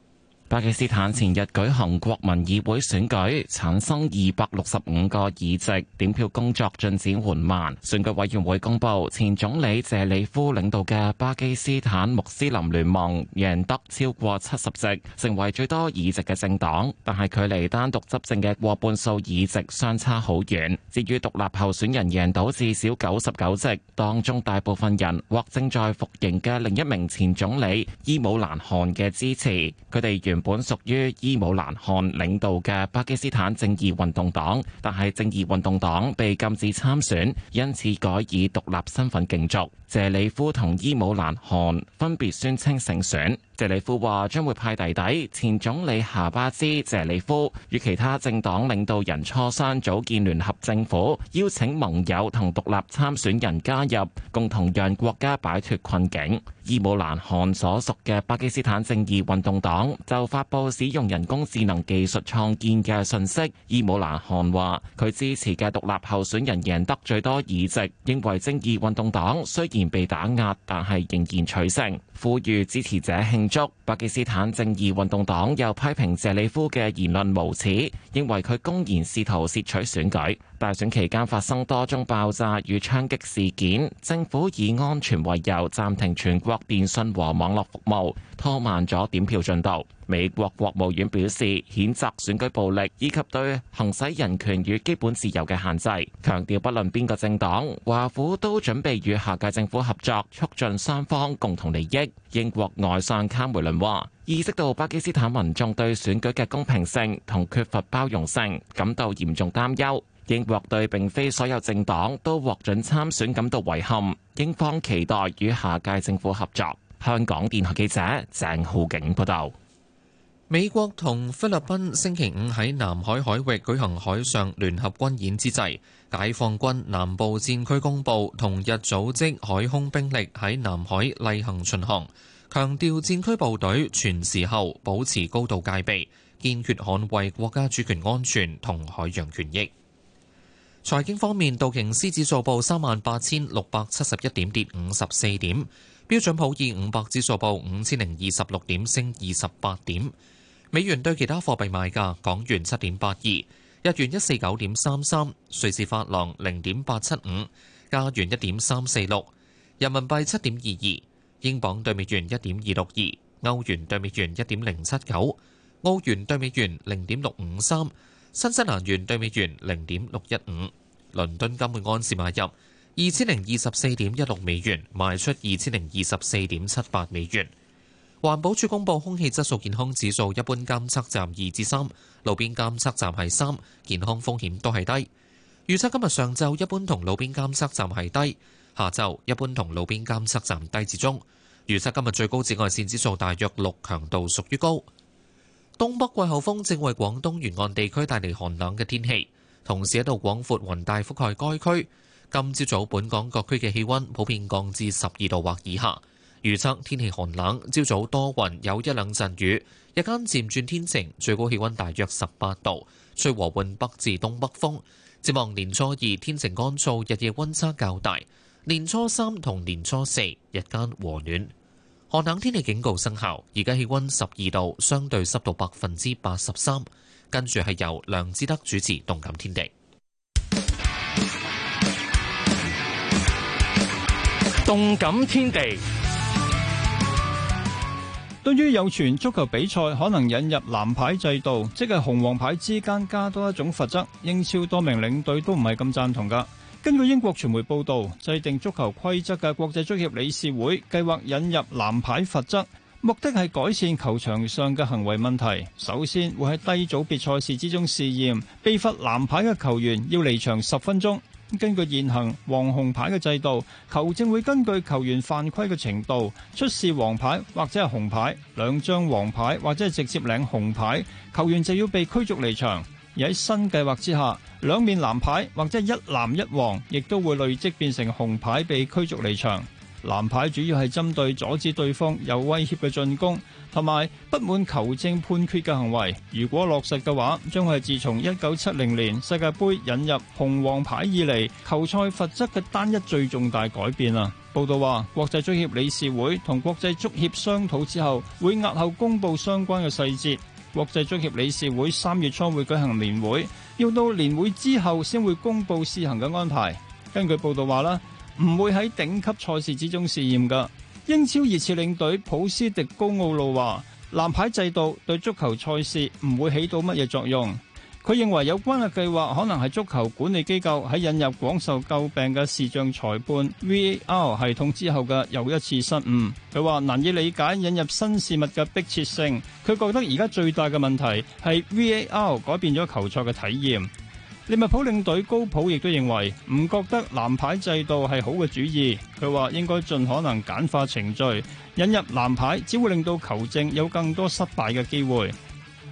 巴基斯坦前日舉行國民議會選舉產生二百六十五個議席，點票工作進展緩慢。選舉委員會公布前總理謝里夫領導嘅巴基斯坦穆斯林聯盟贏得超過七十席，成為最多議席嘅政黨，但係距離單獨執政嘅過半數議席相差好遠，至於獨立候選人贏到至少九十九席，當中大部分人獲正在服刑嘅另一名前總理伊姆蘭汗嘅支持，佢哋原。本屬於伊姆蘭汗領導嘅巴基斯坦正義運動黨，但係正義運動黨被禁止參選，因此改以獨立身份競逐。謝里夫同伊姆蘭汗分別宣稱勝選。謝里夫話將會派弟弟前總理夏巴茲·謝里夫與其他政黨領導人磋商組建聯合政府，邀請盟友同獨立參選人加入，共同讓國家擺脱困境。伊姆蘭·汗所屬嘅巴基斯坦正義運動黨就發布使用人工智能技術創建嘅信息。伊姆蘭·汗話：佢支持嘅獨立候選人贏得最多議席，認為正義運動黨雖然被打壓，但係仍然取勝。呼籲支持者慶祝，巴基斯坦正義運動黨又批評謝里夫嘅言論無恥，認為佢公然試圖竊取選舉。大選期間發生多宗爆炸與槍擊事件，政府以安全為由暫停全國電信和網絡服務，拖慢咗點票進度。美國國務院表示譴責選舉暴力以及對行使人權與基本自由嘅限制，強調不論邊個政黨，華府都準備與下屆政府合作，促進雙方共同利益。英國外相卡梅倫話，意識到巴基斯坦民眾對選舉嘅公平性同缺乏包容性感到嚴重擔憂。英國對並非所有政黨都獲准參選感到遺憾。英方期待與下屆政府合作。香港電台記者鄭浩景報道。美國同菲律賓星期五喺南海海域舉行海上聯合軍演之際，解放軍南部戰區公佈同日組織海空兵力喺南海例行巡航，強調戰區部隊全時候保持高度戒備，堅決捍衛國家主權安全同海洋權益。財經方面，道瓊斯指數報三萬八千六百七十一點，跌五十四點；標準普爾500指數報五千零二十六點，升二十八點。美元對其他貨幣賣價：港元七點八二，日元一四九點三三，瑞士法郎零點八七五，加元一點三四六，人民幣七點二二，英鎊對美元一點二六二，歐元對美元一點零七九，澳元對美元零點六五三。新西蘭元兌美元零點六一五，倫敦金嘅安士買入二千零二十四點一六美元，賣出二千零二十四點七八美元。環保署公布空氣質素健康指數，一般監測站二至三，路邊監測站係三，健康風險都係低。預測今日上晝一般同路邊監測站係低，下晝一般同路邊監測站低至中。預測今日最高紫外線指數大約六，強度屬於高。東北季候風正為廣東沿岸地區帶嚟寒冷嘅天氣，同時一度廣闊雲帶覆蓋該區。今朝早本港各區嘅氣溫普遍降至十二度或以下，預測天氣寒冷，朝早多雲，有一兩陣雨，日間漸轉天晴，最高氣溫大約十八度，吹和緩北至東北風。展望年初二天晴乾燥，日夜溫差較大；年初三同年初四日間和暖。寒冷天氣警告生效，而家氣温十二度，相對濕度百分之八十三。跟住係由梁志德主持《動感天地》。動感天地。對於有傳足球比賽可能引入藍牌制度，即係紅黃牌之間加多一種罰則，英超多名領隊都唔係咁贊同㗎。根據英國傳媒報道，制定足球規則嘅國際足協理事會計劃引入藍牌罰則，目的係改善球場上嘅行為問題。首先會喺低組別賽事之中試驗，被罰藍牌嘅球員要離場十分鐘。根據現行黃紅牌嘅制度，球證會根據球員犯規嘅程度出示黃牌或者係紅牌，兩張黃牌或者係直接領紅牌，球員就要被驅逐離場。喺新計劃之下，兩面藍牌或者一藍一黃，亦都會累積變成紅牌被驅逐離場。藍牌主要係針對阻止對方有威脅嘅進攻，同埋不滿球證判決嘅行為。如果落實嘅話，將係自從一九七零年世界盃引入紅黃牌以嚟球賽罰則嘅單一最重大改變啊！報道話，國際足協理事會同國際足協商討之後，會押後公佈相關嘅細節。國際足協理事會三月初會舉行年會，要到年會之後先會公佈試行嘅安排。根據報道話啦，唔會喺頂級賽事之中試驗㗎。英超熱刺領隊普斯迪高奧路話，藍牌制度對足球賽事唔會起到乜嘢作用。佢認為有關嘅計劃可能係足球管理機構喺引入廣受詬病嘅視像裁判 VAR 系統之後嘅又一次失誤。佢話難以理解引入新事物嘅迫切性。佢覺得而家最大嘅問題係 VAR 改變咗球賽嘅體驗。利物浦領隊高普亦都認為唔覺得藍牌制度係好嘅主意。佢話應該盡可能簡化程序，引入藍牌只會令到球證有更多失敗嘅機會。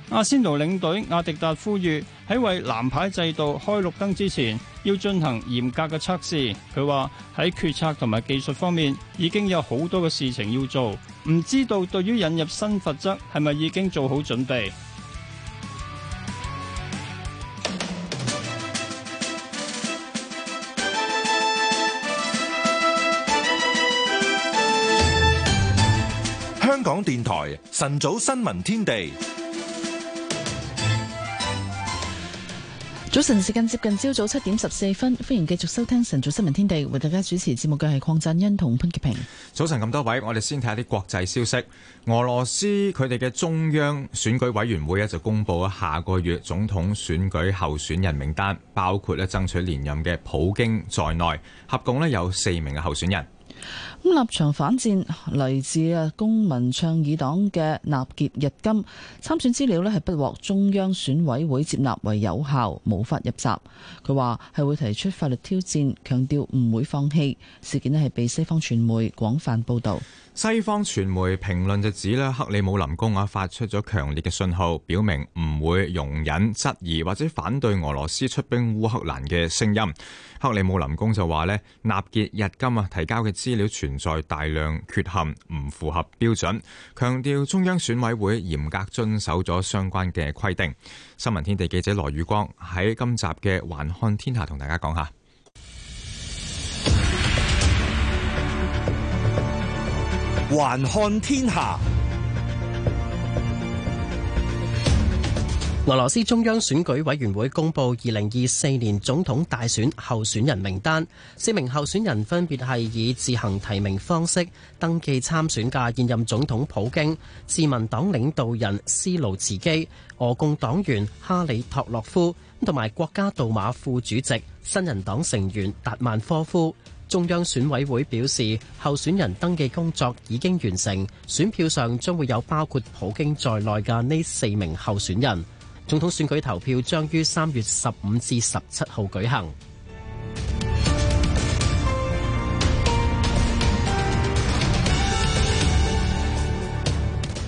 阿仙奴領隊阿迪達呼籲喺為藍牌制度開綠燈之前，要進行嚴格嘅測試。佢話喺決策同埋技術方面已經有好多嘅事情，要做，唔知道對於引入新罰則係咪已經做好準備。香港電台晨早新聞天地。早晨，時間接近朝早七點十四分，歡迎繼續收聽《晨早新聞天地》，為大家主持節目嘅係鄺振欣同潘潔平。早晨，咁多位，我哋先睇下啲國際消息。俄羅斯佢哋嘅中央選舉委員會咧就公布下個月總統選舉候選人名單，包括咧爭取連任嘅普京在內，合共有四名嘅候選人。咁立場反戰嚟自啊公民倡議黨嘅納傑日金，參選資料咧係不獲中央選委會接納為有效，無法入閘。佢話係會提出法律挑戰，強調唔會放棄。事件咧係被西方傳媒廣泛報導。西方傳媒評論就指咧，克里姆林宮啊，發出咗強烈嘅信號，表明唔會容忍質疑或者反對俄羅斯出兵烏克蘭嘅聲音。克里姆林宮就話咧，納傑日金啊提交嘅資料存在大量缺陷，唔符合標準，強調中央選委會嚴格遵守咗相關嘅規定。新聞天地記者羅宇光喺今集嘅環看天下同大家講下。還看天下。俄羅斯中央選舉委員會公布二零二四年總統大選候選人名單，四名候選人分別係以自行提名方式登記參選嘅現任總統普京、自民黨領導人斯盧茨基、俄共黨員哈里托洛夫，同埋國家杜馬副主席、新人黨成員達曼科夫。中央選委會表示，候選人登記工作已經完成，選票上將會有包括普京在內嘅呢四名候選人。總統選舉投票將於三月十五至十七號舉行。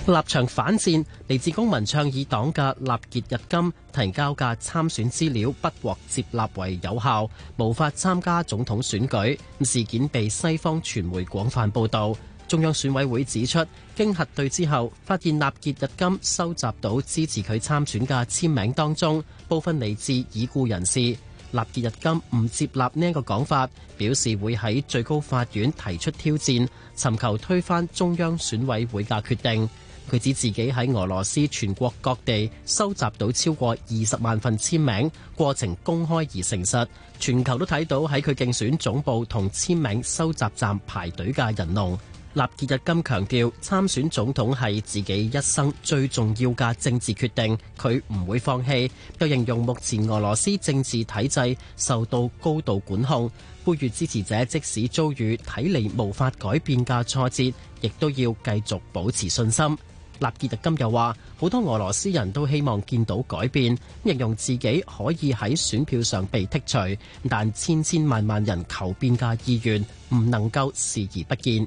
立場反戰，嚟自公民倡議黨嘅納傑日金提交嘅參選資料不獲接納為有效，無法參加總統選舉。事件被西方傳媒廣泛報道。中央選委會指出，經核對之後，發現納傑日金收集到支持佢參選嘅簽名當中，部分嚟自已故人士。納傑日金唔接納呢一個講法，表示會喺最高法院提出挑戰，尋求推翻中央選委會嘅決定。佢指自己喺俄羅斯全國各地收集到超過二十萬份簽名，過程公開而誠實，全球都睇到喺佢競選總部同簽名收集站排隊嘅人龍。納傑日金強調，參選總統係自己一生最重要嘅政治決定，佢唔會放棄。又形容目前俄羅斯政治體制受到高度管控，呼籲支持者即使遭遇睇嚟無法改變嘅挫折，亦都要繼續保持信心。納杰特金又話，好多俄羅斯人都希望見到改變，形容自己可以喺選票上被剔除，但千千萬萬人求變嘅意願唔能夠視而不見。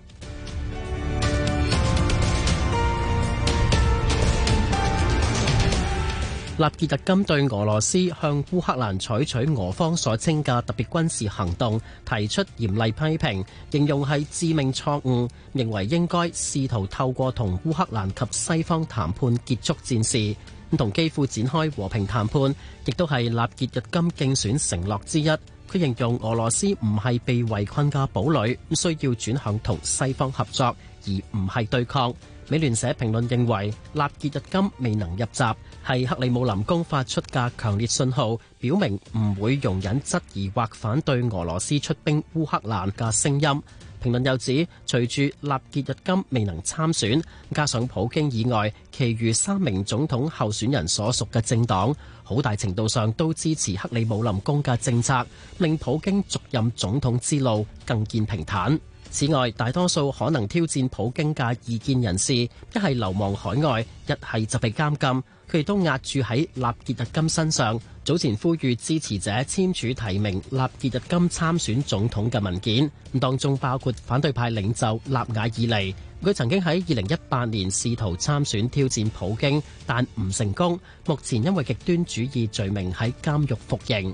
納傑日金對俄羅斯向烏克蘭採取俄方所稱嘅特別軍事行動提出嚴厲批評，形容係致命錯誤，認為應該試圖透過同烏克蘭及西方談判結束戰事，同基輔展開和平談判，亦都係納傑日金競選承諾之一。佢形容俄羅斯唔係被圍困嘅堡壘，需要轉向同西方合作，而唔係對抗。美聯社評論認為，納傑日金未能入閘係克里姆林宮發出嘅強烈信號，表明唔會容忍質疑或反對俄羅斯出兵烏克蘭嘅聲音。評論又指隨住，納傑日金未能參選，加上普京以外其餘三名總統候選人所屬嘅政黨好大程度上都支持克里姆林宮嘅政策，令普京續任總統之路更見平坦。此外，大多數可能挑戰普京嘅異見人士，一係流亡海外，一係就被監禁。佢哋都押注喺納傑日金身上。早前呼籲支持者簽署提名納傑日金參選總統嘅文件，不當中包括反對派領袖納瓦爾尼。佢曾經喺二零一八年試圖參選挑戰普京，但唔成功。目前因為極端主義罪名喺監獄服刑。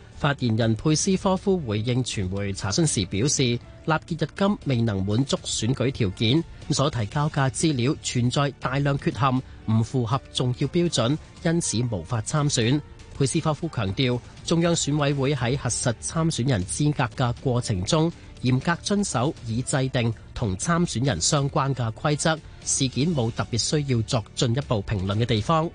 發言人佩斯科夫回應傳媒查詢時表示，納傑日金未能滿足選舉條件，所提交嘅資料存在大量缺陷，唔符合重要標準，因此無法參選。佩斯科夫強調，中央選委會喺核實參選人資格嘅過程中，嚴格遵守已制定同參選人相關嘅規則，事件冇特別需要作進一步評論嘅地方。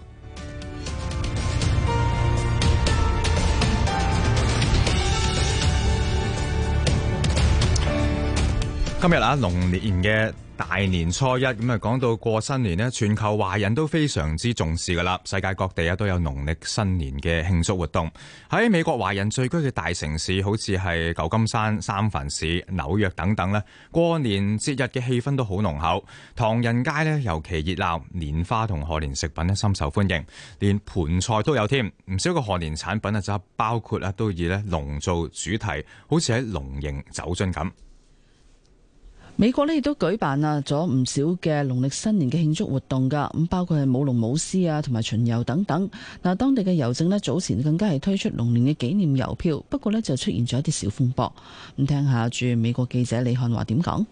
今日啊，農年嘅大年初一咁啊，講到過新年呢，全球華人都非常之重視噶啦。世界各地啊，都有農曆新年嘅慶祝活動。喺美國華人聚居嘅大城市，好似係舊金山、三藩市、紐約等等呢，過年節日嘅氣氛都好濃厚。唐人街呢，尤其熱鬧，年花同賀年食品深受歡迎，連盆菜都有添。唔少嘅賀年產品就包括都以咧龍做主題，好似喺龍形酒樽咁。美國呢亦都舉辦啊咗唔少嘅農曆新年嘅慶祝活動噶，咁包括係舞龍舞獅啊，同埋巡遊等等。嗱，當地嘅郵政呢，早前更加係推出龍年嘅紀念郵票，不過呢就出現咗一啲小風波。咁聽下駐美國記者李漢華點講。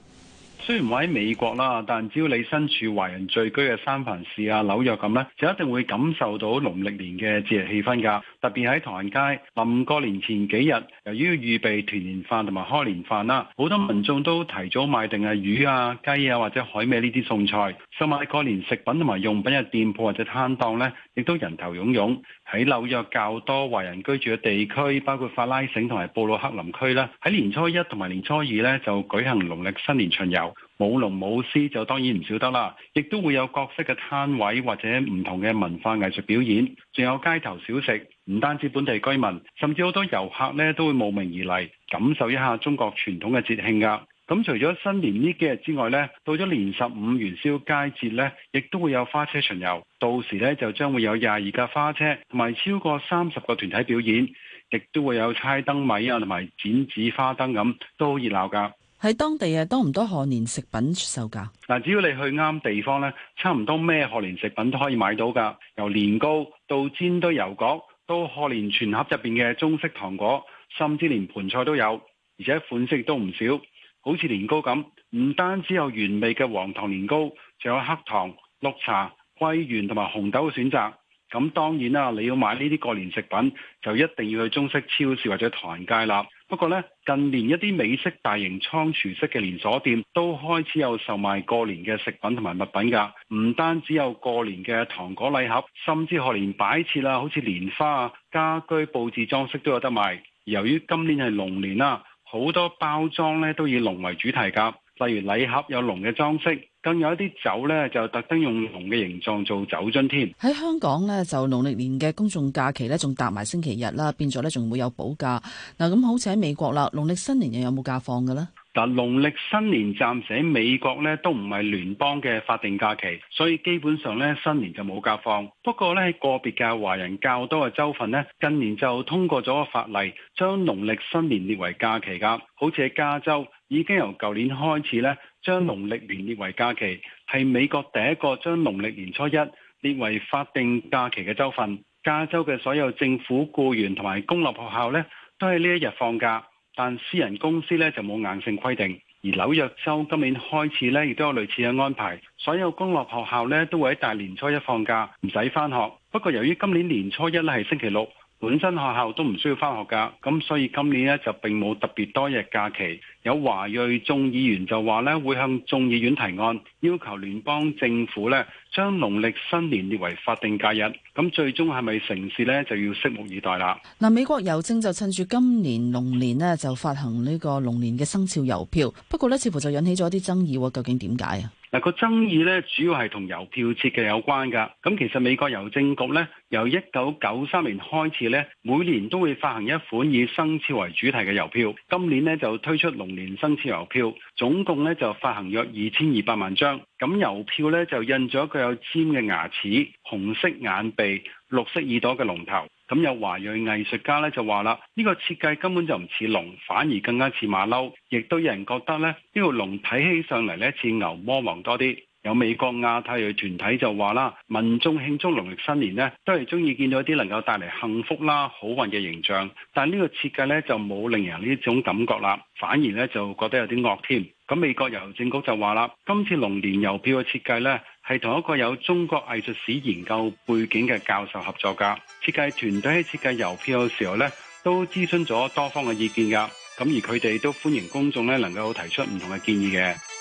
雖然唔喺美國啦，但只要你身處華人聚居嘅三藩市啊、紐約咁呢，就一定會感受到農曆年嘅節日氣氛㗎。特別喺唐人街，臨過年前幾日，由於要預備團年飯同埋開年飯啦，好多民眾都提早買定啊魚啊雞啊或者海味呢啲餸菜，售賣過年食品同埋用品嘅店鋪或者攤檔呢，亦都人頭湧湧。喺紐約較多華人居住嘅地區，包括法拉盛同埋布魯克林區啦。喺年初一同埋年初二呢就舉行農曆新年巡遊，舞龍舞獅就當然唔少得啦。亦都會有各式嘅攤位或者唔同嘅文化藝術表演，仲有街頭小食。唔單止本地居民，甚至好多遊客呢都會慕名而嚟，感受一下中國傳統嘅節慶㗎。咁除咗新年呢幾日之外呢，到咗年十五元宵佳節呢，亦都會有花車巡遊。到時呢，就將會有廿二架花車同埋超過三十個團體表演，亦都會有猜燈謎啊同埋剪紙花燈咁，都好熱鬧噶。喺當地啊，多唔多賀年食品售價？嗱，只要你去啱地方呢，差唔多咩賀年食品都可以買到噶。由年糕到煎堆油角，到賀年全盒入面嘅中式糖果，甚至連盆菜都有，而且款式都唔少。好似年糕咁，唔單止有原味嘅黃糖年糕，仲有黑糖、綠茶、桂圓同埋紅豆嘅選擇。咁當然啦，你要買呢啲過年食品，就一定要去中式超市或者唐街啦。不過呢，近年一啲美式大型倉儲式嘅連鎖店都開始有售賣過年嘅食品同埋物品㗎。唔單止有過年嘅糖果禮盒，甚至乎連擺設啦，好似蓮花啊、家居佈置裝飾都有得賣。由於今年係龍年啦。好多包裝咧都以龍為主題噶，例如禮盒有龍嘅裝飾，更有一啲酒咧就特登用龍嘅形狀做酒樽添。喺香港咧就農曆年嘅公眾假期咧仲搭埋星期日啦，變咗咧仲會有補假。嗱，咁好似喺美國啦，農曆新年又有冇假放㗎咧？嗱，農曆新年暫時喺美國咧都唔係聯邦嘅法定假期，所以基本上咧新年就冇假放。不過咧，個別嘅華人較多嘅州份呢近年就通過咗個法例，將農曆新年列為假期㗎。好似喺加州已經由舊年開始咧，將農曆年列為假期，係美國第一個將農曆年初一列為法定假期嘅州份。加州嘅所有政府僱員同埋公立學校咧，都喺呢一日放假。但私人公司咧就冇硬性規定，而紐約州今年開始咧亦都有類似嘅安排，所有公立學校咧都會喺大年初一放假，唔使翻學。不過由於今年年初一咧係星期六。本身學校都唔需要返學噶，咁所以今年呢，就並冇特別多日假期。有華裔眾議員就話呢，會向眾議院提案，要求聯邦政府呢，將農曆新年列為法定假日。咁最終係咪成事呢，就要拭目以待啦。嗱，美國郵政就趁住今年龍年呢，就發行呢個龍年嘅生肖郵票，不過呢，似乎就引起咗一啲爭議，究竟點解啊？嗱個爭議咧，主要係同郵票設計有關噶。咁其實美國郵政局咧，由一九九三年開始咧，每年都會發行一款以生肖為主題嘅郵票。今年咧就推出龍年生肖郵票，總共咧就發行約二千二百萬張。咁郵票咧就印咗一個有尖嘅牙齒、紅色眼鼻、綠色耳朵嘅龍頭。咁有華裔藝術家咧就話啦，呢、呢個設計根本就唔似龍，反而更加似馬騮。亦都有人覺得呢，呢條龍睇起上嚟咧似牛魔王多啲。有美國亞太裔團體就話啦，民眾慶祝農曆新年呢，都係中意見到一啲能夠帶嚟幸福啦、好運嘅形象。但呢個設計呢，就冇令人呢種感覺啦，反而呢，就覺得有啲惡添。咁美國郵政局就話啦，今次龍年郵票嘅設計呢，係同一個有中國藝術史研究背景嘅教授合作噶。設計團隊喺設計郵票嘅時候呢，都諮詢咗多方嘅意見噶。咁而佢哋都歡迎公眾呢，能夠提出唔同嘅建議嘅。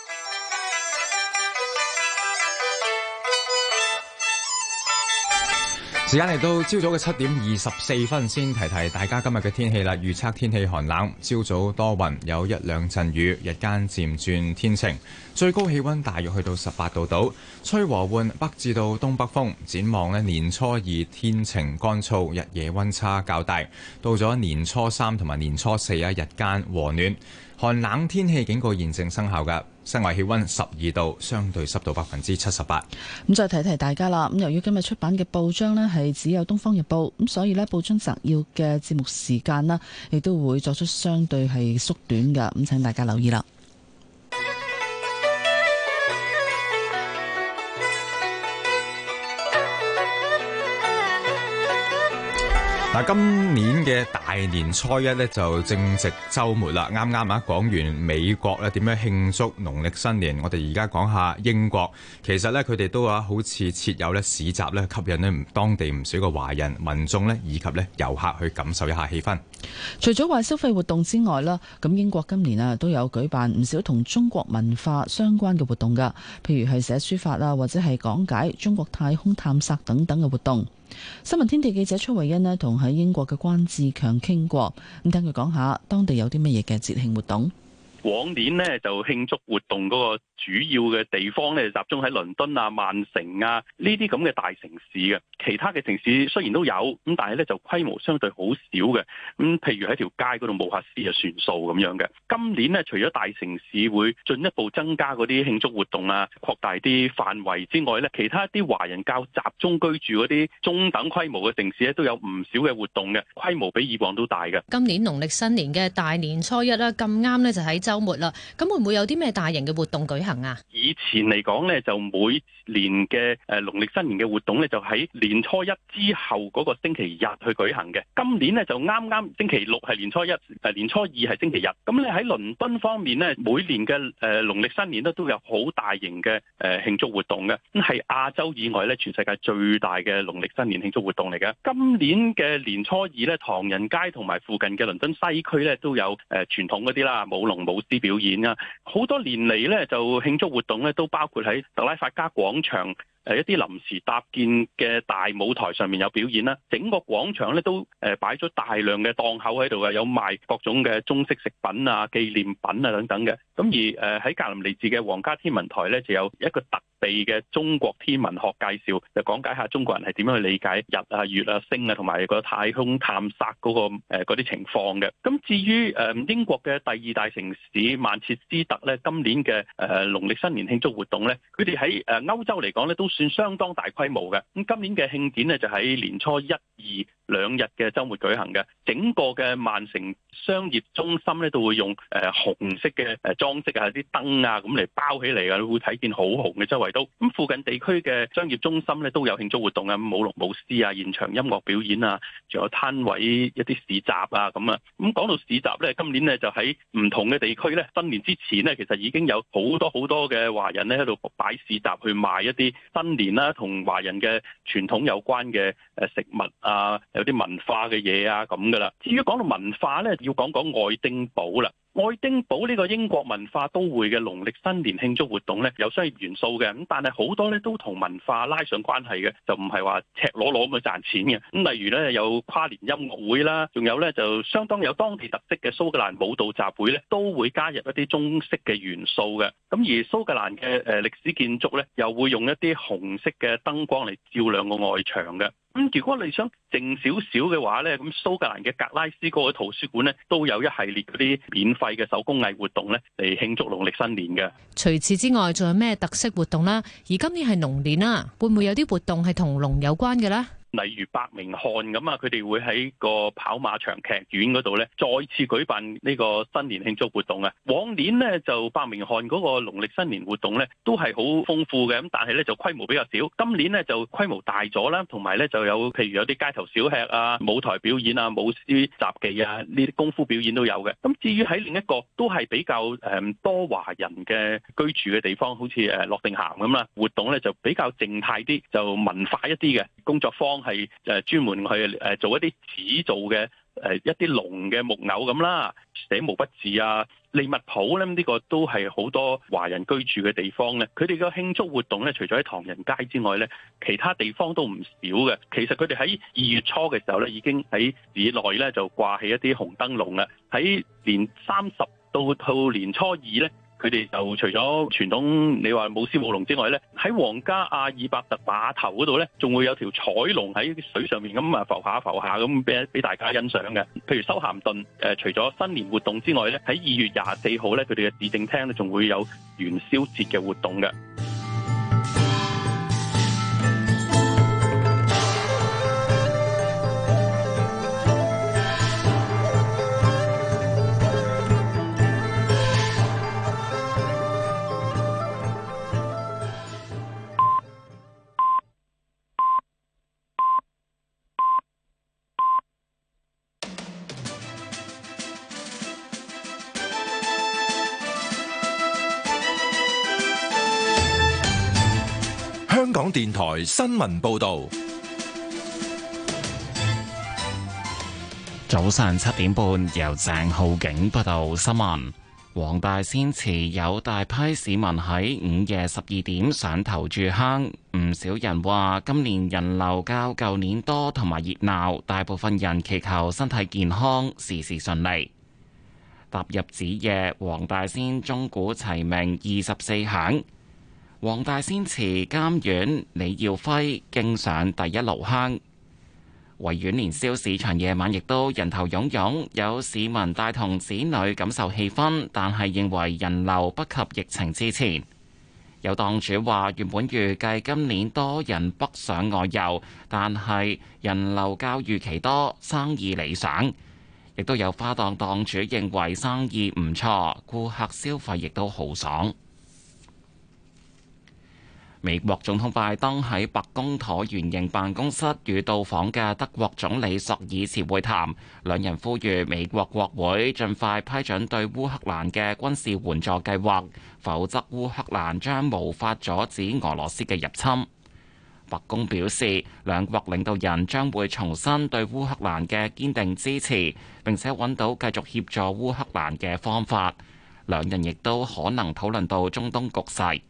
時間嚟到朝早嘅七點二十四分，先提提大家今日嘅天氣啦。預測天氣寒冷，朝早多雲有一兩陣雨，日間漸轉天晴，最高氣溫大約去到十八度度。吹和緩北至到東北風。展望年初二天晴乾燥，日夜溫差較大。到咗年初三同埋年初四啊，日間和暖，寒冷天氣警告現正生效噶。室外氣溫十二度，相對濕度百分之七十八。咁再提提大家啦，咁由於今日出版嘅報章呢係只有《東方日報》，咁所以呢報章摘要嘅節目時間呢，亦都會作出相對係縮短嘅，咁請大家留意啦。嗱，今年嘅大年初一呢，就正值周末啦。啱啱啊講完美國咧點樣慶祝農曆新年，我哋而家講一下英國。其實呢，佢哋都啊好似設有呢市集呢，吸引呢當地唔少嘅華人民眾呢，以及呢遊客去感受一下氣氛。除咗話消費活動之外啦，咁英國今年啊都有舉辦唔少同中國文化相關嘅活動噶，譬如係寫書法啊，或者係講解中國太空探索等等嘅活動。新聞天地記者崔慧欣呢，同喺英國嘅關志強傾過，咁等佢講下當地有啲乜嘢嘅節慶活動。往年呢就慶祝活動嗰個主要嘅地方咧，集中喺倫敦啊、曼城啊呢啲咁嘅大城市嘅，其他嘅城市雖然都有，咁但係咧就規模相對好少嘅。咁、嗯、譬如喺條街嗰度舞下獅啊，算數咁樣嘅。今年咧，除咗大城市會進一步增加嗰啲慶祝活動啊，擴大啲範圍之外咧，其他啲華人較集中居住嗰啲中等規模嘅城市咧，都有唔少嘅活動嘅，規模比以往都大嘅。今年農曆新年嘅大年初一啦，咁啱咧就喺周末啦，咁會唔會有啲咩大型嘅活動舉行？以前嚟講咧，就每年嘅誒農曆新年嘅活動咧，就喺年初一之後嗰個星期日去舉行嘅。今年咧就啱啱星期六係年初一，誒年初二係星期日。咁咧喺倫敦方面咧，每年嘅誒農曆新年咧都有好大型嘅誒慶祝活動嘅，咁係亞洲以外咧全世界最大嘅農曆新年慶祝活動嚟嘅。今年嘅年初二咧，唐人街同埋附近嘅倫敦西區咧都有誒傳統嗰啲啦，舞龍舞獅表演啊，好多年嚟咧就。慶祝活動咧都包括喺特拉法加廣場誒一啲臨時搭建嘅大舞台上面有表演啦，整個廣場咧都誒擺咗大量嘅檔口喺度嘅，有賣各種嘅中式食品啊、紀念品啊等等嘅，咁而誒喺格林尼治嘅皇家天文台咧就有一個特地嘅中國天文學介紹，就講解下中國人係點樣去理解日啊、月啊、星啊，同埋個太空探索嗰個誒嗰啲情況嘅。咁至於誒英國嘅第二大城市曼徹斯特咧，今年嘅誒農曆新年慶祝活動咧，佢哋喺誒歐洲嚟講咧都算相當大規模嘅。咁今年嘅慶典咧就喺年初一二兩日嘅週末舉行嘅，整個嘅曼城商業中心咧都會用誒紅色嘅裝飾啊、啲燈啊咁嚟包起嚟啊，都會睇見好紅嘅周圍都。咁附近地區嘅商業中心咧都有慶祝活動啊，舞龍舞獅啊、現場音樂表演啊，仲有攤位一啲市集啊咁啊。咁講到市集咧，今年咧就喺唔同嘅地區咧，新年之前咧其實已經有好多好多嘅華人咧喺度擺市集去賣一啲新年啦同華人嘅傳統有關嘅誒食物啊。有啲文化嘅嘢啊，咁噶啦。至於講到文化咧，要講講愛丁堡啦。愛丁堡呢個英國文化都會嘅農曆新年慶祝活動呢，有商業元素嘅，咁但係好多呢都同文化拉上關係嘅，就唔係話赤裸裸咁去賺錢嘅。咁例如呢，有跨年音樂會啦，仲有呢，就相當有當地特色嘅蘇格蘭舞蹈集會呢，都會加入一啲中式嘅元素嘅。咁而蘇格蘭嘅誒歷史建築呢，又會用一啲紅色嘅燈光嚟照亮個外牆嘅。咁如果你想靜少少嘅話呢，咁蘇格蘭嘅格拉斯哥嘅圖書館呢，都有一系列嗰啲免費貴嘅手工藝活動呢，嚟慶祝農曆新年嘅。除此之外，仲有咩特色活動啦？而今年係龍年啦，會唔會有啲活動係同龍有關嘅啦？例如伯明翰咁啊，佢哋會喺個跑馬場劇院嗰度咧，再次舉辦呢個新年慶祝活動啊。往年咧就伯明翰嗰個農曆新年活動咧，都係好豐富嘅，咁但係咧就規模比較少。今年咧就規模大咗啦，同埋咧就有譬如有啲街頭小吃啊、舞台表演啊、舞獅雜技啊呢啲功夫表演都有嘅。咁至於喺另一個都係比較誒多華人嘅居住嘅地方，好似誒諾定咸咁啦，活動咧就比較靜態啲，就文化一啲嘅。工作坊係誒專門去誒做一啲紙做嘅誒一啲龍嘅木偶咁啦，寫毛筆字啊。利物浦咧，呢個都係好多華人居住嘅地方咧。佢哋個慶祝活動咧，除咗喺唐人街之外咧，其他地方都唔少嘅。其實佢哋喺二月初嘅時候咧，已經喺市內咧就掛起一啲紅燈籠啦。喺年三十到到年初二咧。佢哋就除咗傳統你話舞獅舞龍之外咧，喺皇家阿爾伯特碼頭嗰度咧，仲會有條彩龍喺水上面咁啊浮下浮下咁俾俾大家欣賞嘅。譬如修咸頓誒、呃，除咗新年活動之外咧，喺二月廿四號咧，佢哋嘅市政廳咧仲會有元宵節嘅活動嘅。電台新聞報道，早上七點半由鄭浩景報道新聞。黃大仙祠，有大批市民喺午夜十二點上頭炷香，唔少人話今年人流較舊年多，同埋熱鬧。大部分人祈求身體健康、事事順利。踏入子夜，黃大仙鐘鼓齊鳴二十四響。黃大仙祠監院李耀輝敬上第一爐香，維園年宵市場夜晚亦都人頭湧湧，有市民帶同子女感受氣氛，但係認為人流不及疫情之前。有檔主話原本預計今年多人北上外遊，但係人流較預期多，生意理想。亦都有花檔檔主認為生意唔錯，顧客消費亦都豪爽。美國總統拜登喺白宮橢圓形辦公室與到訪嘅德國總理索爾茨會談，兩人呼籲美國國會盡快批准對烏克蘭嘅軍事援助計劃，否則烏克蘭將無法阻止俄羅斯嘅入侵。白宮表示，兩國領導人將會重申對烏克蘭嘅堅定支持，並且揾到繼續協助烏克蘭嘅方法。兩人亦都可能討論到中東局勢。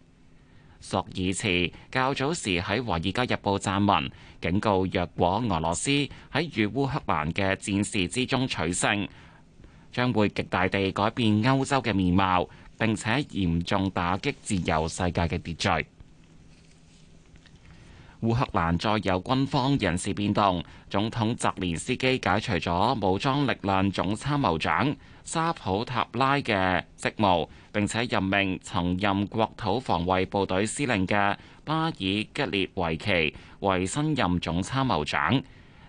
索爾茨較早時喺《華爾街日報》撰文，警告若果俄羅斯喺與烏克蘭嘅戰事之中取勝，將會極大地改變歐洲嘅面貌，並且嚴重打擊自由世界嘅秩序。烏克蘭再有軍方人事變動，總統澤連斯基解除咗武裝力量總參謀長沙普塔拉嘅職務。並且任命曾任國土防衛部隊司令嘅巴爾吉列維奇為新任總參謀長。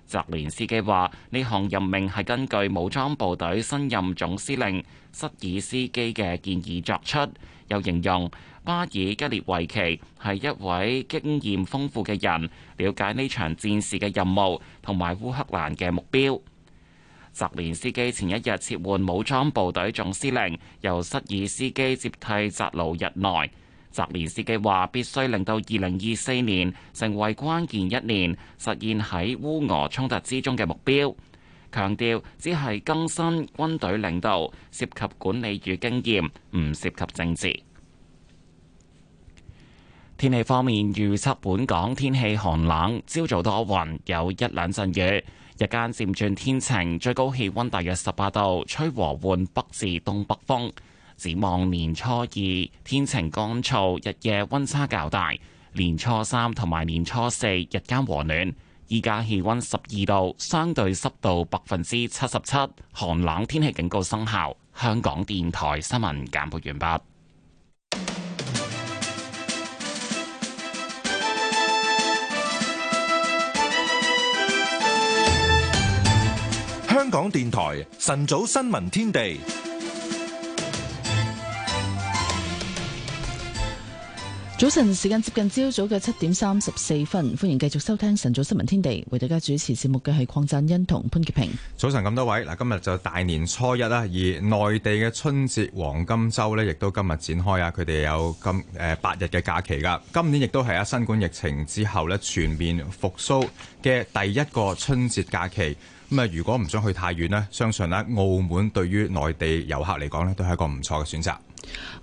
澤連斯基話：呢項任命係根據武裝部隊新任總司令塞爾斯基嘅建議作出。又形容巴爾吉列維奇係一位經驗豐富嘅人，了解呢場戰事嘅任務同埋烏克蘭嘅目標。澤連斯基前一日撤換武裝部隊總司令，由塞爾斯基接替扎魯日內。澤連斯基話：必須令到二零二四年成為關鍵一年，實現喺烏俄衝突之中嘅目標。強調只係更新軍隊領導，涉及管理與經驗，唔涉及政治。天氣方面，預測本港天氣寒冷，朝早多雲，有一兩陣雨。日間漸轉天晴，最高氣溫大約十八度，吹和緩北至東北風。展望，年初二天晴乾燥，日夜溫差較大。年初三同埋年初四日間和暖，依家氣溫十二度，相對濕度百分之七十七，寒冷天氣警告生效。香港電台新聞簡報完畢。香港電台晨早新聞天地，早晨，時間接近朝早嘅七點三十四分，歡迎繼續收聽晨早新聞天地，為大家主持節目嘅係鄺振欣同潘潔平。早晨咁多位，嗱，今日就大年初一啦，而內地嘅春節黃金周呢，亦都今日展開啊，佢哋有今誒八日嘅假期噶。今年亦都係啊，新冠疫情之後咧，全面復蘇嘅第一個春節假期。咁啊！如果唔想去太遠呢，相信呢澳門對於內地遊客嚟講呢，都係一個唔錯嘅選擇。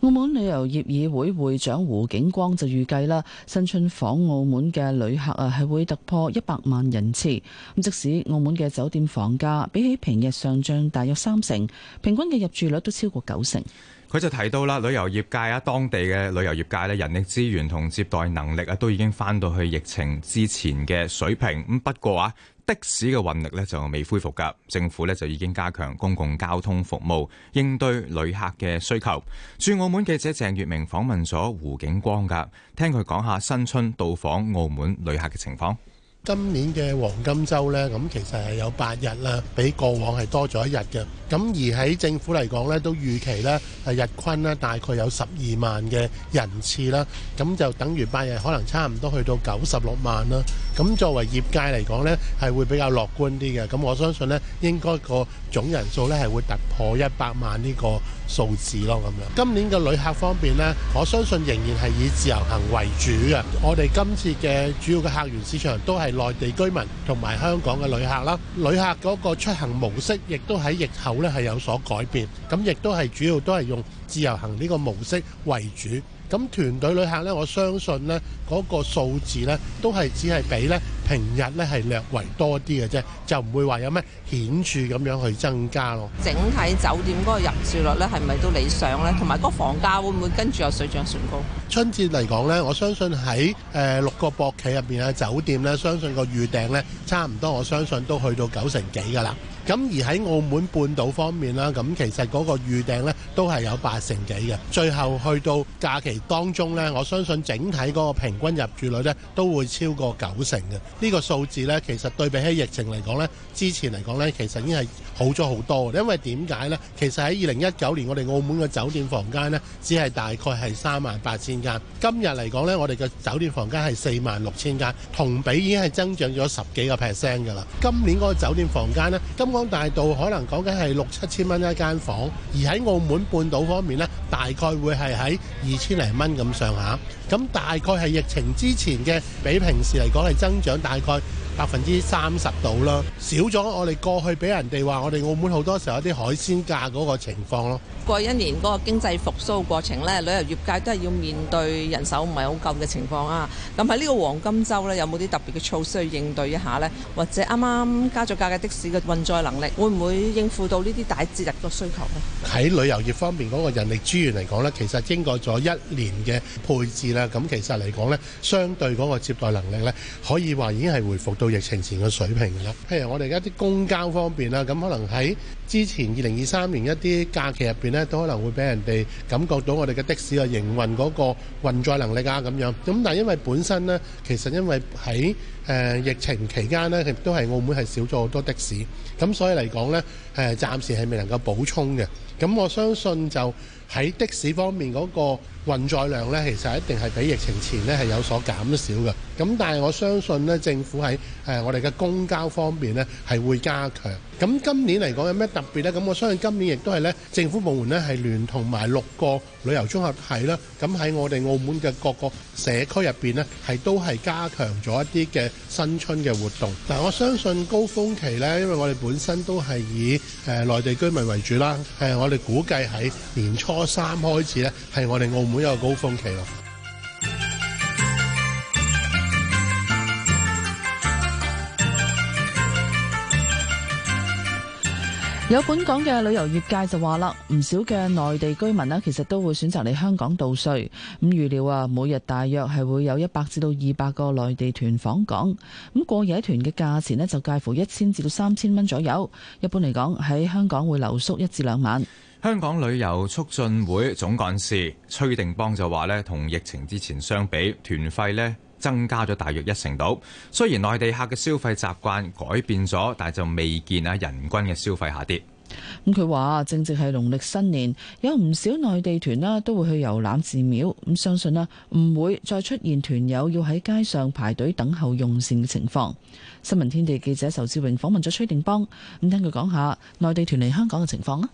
澳門旅遊業議會會長胡景光就預計啦，新春訪澳門嘅旅客啊，係會突破一百萬人次。咁即使澳門嘅酒店房價比起平日上漲大約三成，平均嘅入住率都超過九成。佢就提到啦，旅遊業界啊，當地嘅旅遊業界呢，人力資源同接待能力啊，都已經返到去疫情之前嘅水平。咁不過啊。的士嘅運力咧就未恢復噶，政府咧就已經加強公共交通服務，應對旅客嘅需求。駐澳門記者鄭月明訪問咗胡景光噶，聽佢講下新春到訪澳門旅客嘅情況。今年嘅黃金周呢，咁其實係有八日啦，比過往係多咗一日嘅。咁而喺政府嚟講呢，都預期呢，日均呢大概有十二萬嘅人次啦。咁就等於八日可能差唔多去到九十六萬啦。咁作為業界嚟講呢，係會比較樂觀啲嘅。咁我相信呢，應該個總人數呢係會突破一百萬呢、這個。數字咯，咁樣，今年嘅旅客方面，呢我相信仍然係以自由行為主嘅。我哋今次嘅主要嘅客源市場都係內地居民同埋香港嘅旅客啦。旅客嗰個出行模式亦都喺疫後咧係有所改變，咁亦都係主要都係用自由行呢個模式為主。咁團隊旅客咧，我相信咧嗰、嗰個數字咧都係只係比咧平日咧係略為多啲嘅啫，就唔會話有咩顯著咁樣去增加咯。整體酒店嗰個入住率咧，係咪都理想咧？同埋個房價會唔會跟住有水漲船高？春節嚟講咧，我相信喺、呃、六個博企入面嘅酒店咧相信個預訂咧差唔多，我相信都去到九成幾噶啦。咁而喺澳門半島方面啦，咁其實嗰個預訂咧都係有八成幾嘅。最後去到假期當中咧，我相信整體嗰個平均入住率咧都會超過九成嘅。這個、呢個數字咧，其實對比起疫情嚟講咧，之前嚟講咧，其實已經係好咗好多。因為點解咧？其實喺二零一九年我哋澳門嘅酒店房間咧，只係大概係三萬八千間，今日嚟講咧，我哋嘅酒店房間係四萬六千間，同比已經係增長咗十幾個 percent 㗎啦。今年嗰個酒店房間咧，今個大道可能講緊係六七千蚊一間房，而喺澳門半島方面呢，大概會係喺二千零蚊咁上下，咁大概係疫情之前嘅比平時嚟講係增長大概。百分之三十到啦，少咗我哋過去俾人哋話，我哋澳門好多時候有啲海鮮價嗰個情況咯。過一年嗰個經濟復甦過程咧，旅遊業界都係要面對人手唔係好夠嘅情況啊。咁喺呢個黃金周咧，有冇啲特別嘅措施去應對一下咧？或者啱啱加咗價嘅的士嘅運載能力，會唔會應付到呢啲大節日嘅需求咧？喺旅遊業方面嗰個人力資源嚟講咧，其實經過咗一年嘅配置啦，咁其實嚟講咧，相對嗰個接待能力咧，可以話已經係回復。到疫情前嘅水平啦，譬如我哋而家啲公交方面啦，咁可能喺之前二零二三年一啲假期入邊咧，都可能會俾人哋感覺到我哋嘅的士啊營運嗰個運載能力啊咁樣。咁但係因為本身咧，其實因為喺誒疫情期間咧，亦都係澳門係少咗好多的士，咁所以嚟講咧，誒暫時係未能夠補充嘅。咁我相信就喺的士方面嗰個。運載量呢，其實一定係比疫情前呢係有所減少嘅。咁但係我相信呢，政府喺誒我哋嘅公交方面呢係會加強。咁今年嚟講有咩特別呢？咁我相信今年亦都係呢，政府部門呢係聯同埋六個旅遊綜合體啦。咁喺我哋澳門嘅各個社區入面呢，係都係加強咗一啲嘅新春嘅活動。嗱，我相信高峰期呢，因為我哋本身都係以誒內地居民為主啦。係我哋估計喺年初三開始呢，係我哋澳。會有高峰期咯。有本港嘅旅遊業界就話啦，唔少嘅內地居民咧，其實都會選擇嚟香港度歲。咁預料啊，每日大約係會有一百至到二百個內地團訪港。咁過夜團嘅價錢咧，就介乎一千至到三千蚊左右。一般嚟講，喺香港會留宿一至兩晚。香港旅遊促進會總幹事崔定邦就話呢，同疫情之前相比，團費呢，增加咗大約一成度。雖然內地客嘅消費習慣改變咗，但係就未見啊人均嘅消費下跌。咁佢話正值係農曆新年，有唔少內地團呢都會去遊覽寺廟。咁相信啊，唔會再出現團友要喺街上排隊等候用膳嘅情況。新聞天地記者仇志榮訪問咗崔定邦，咁聽佢講下內地團嚟香港嘅情況啊。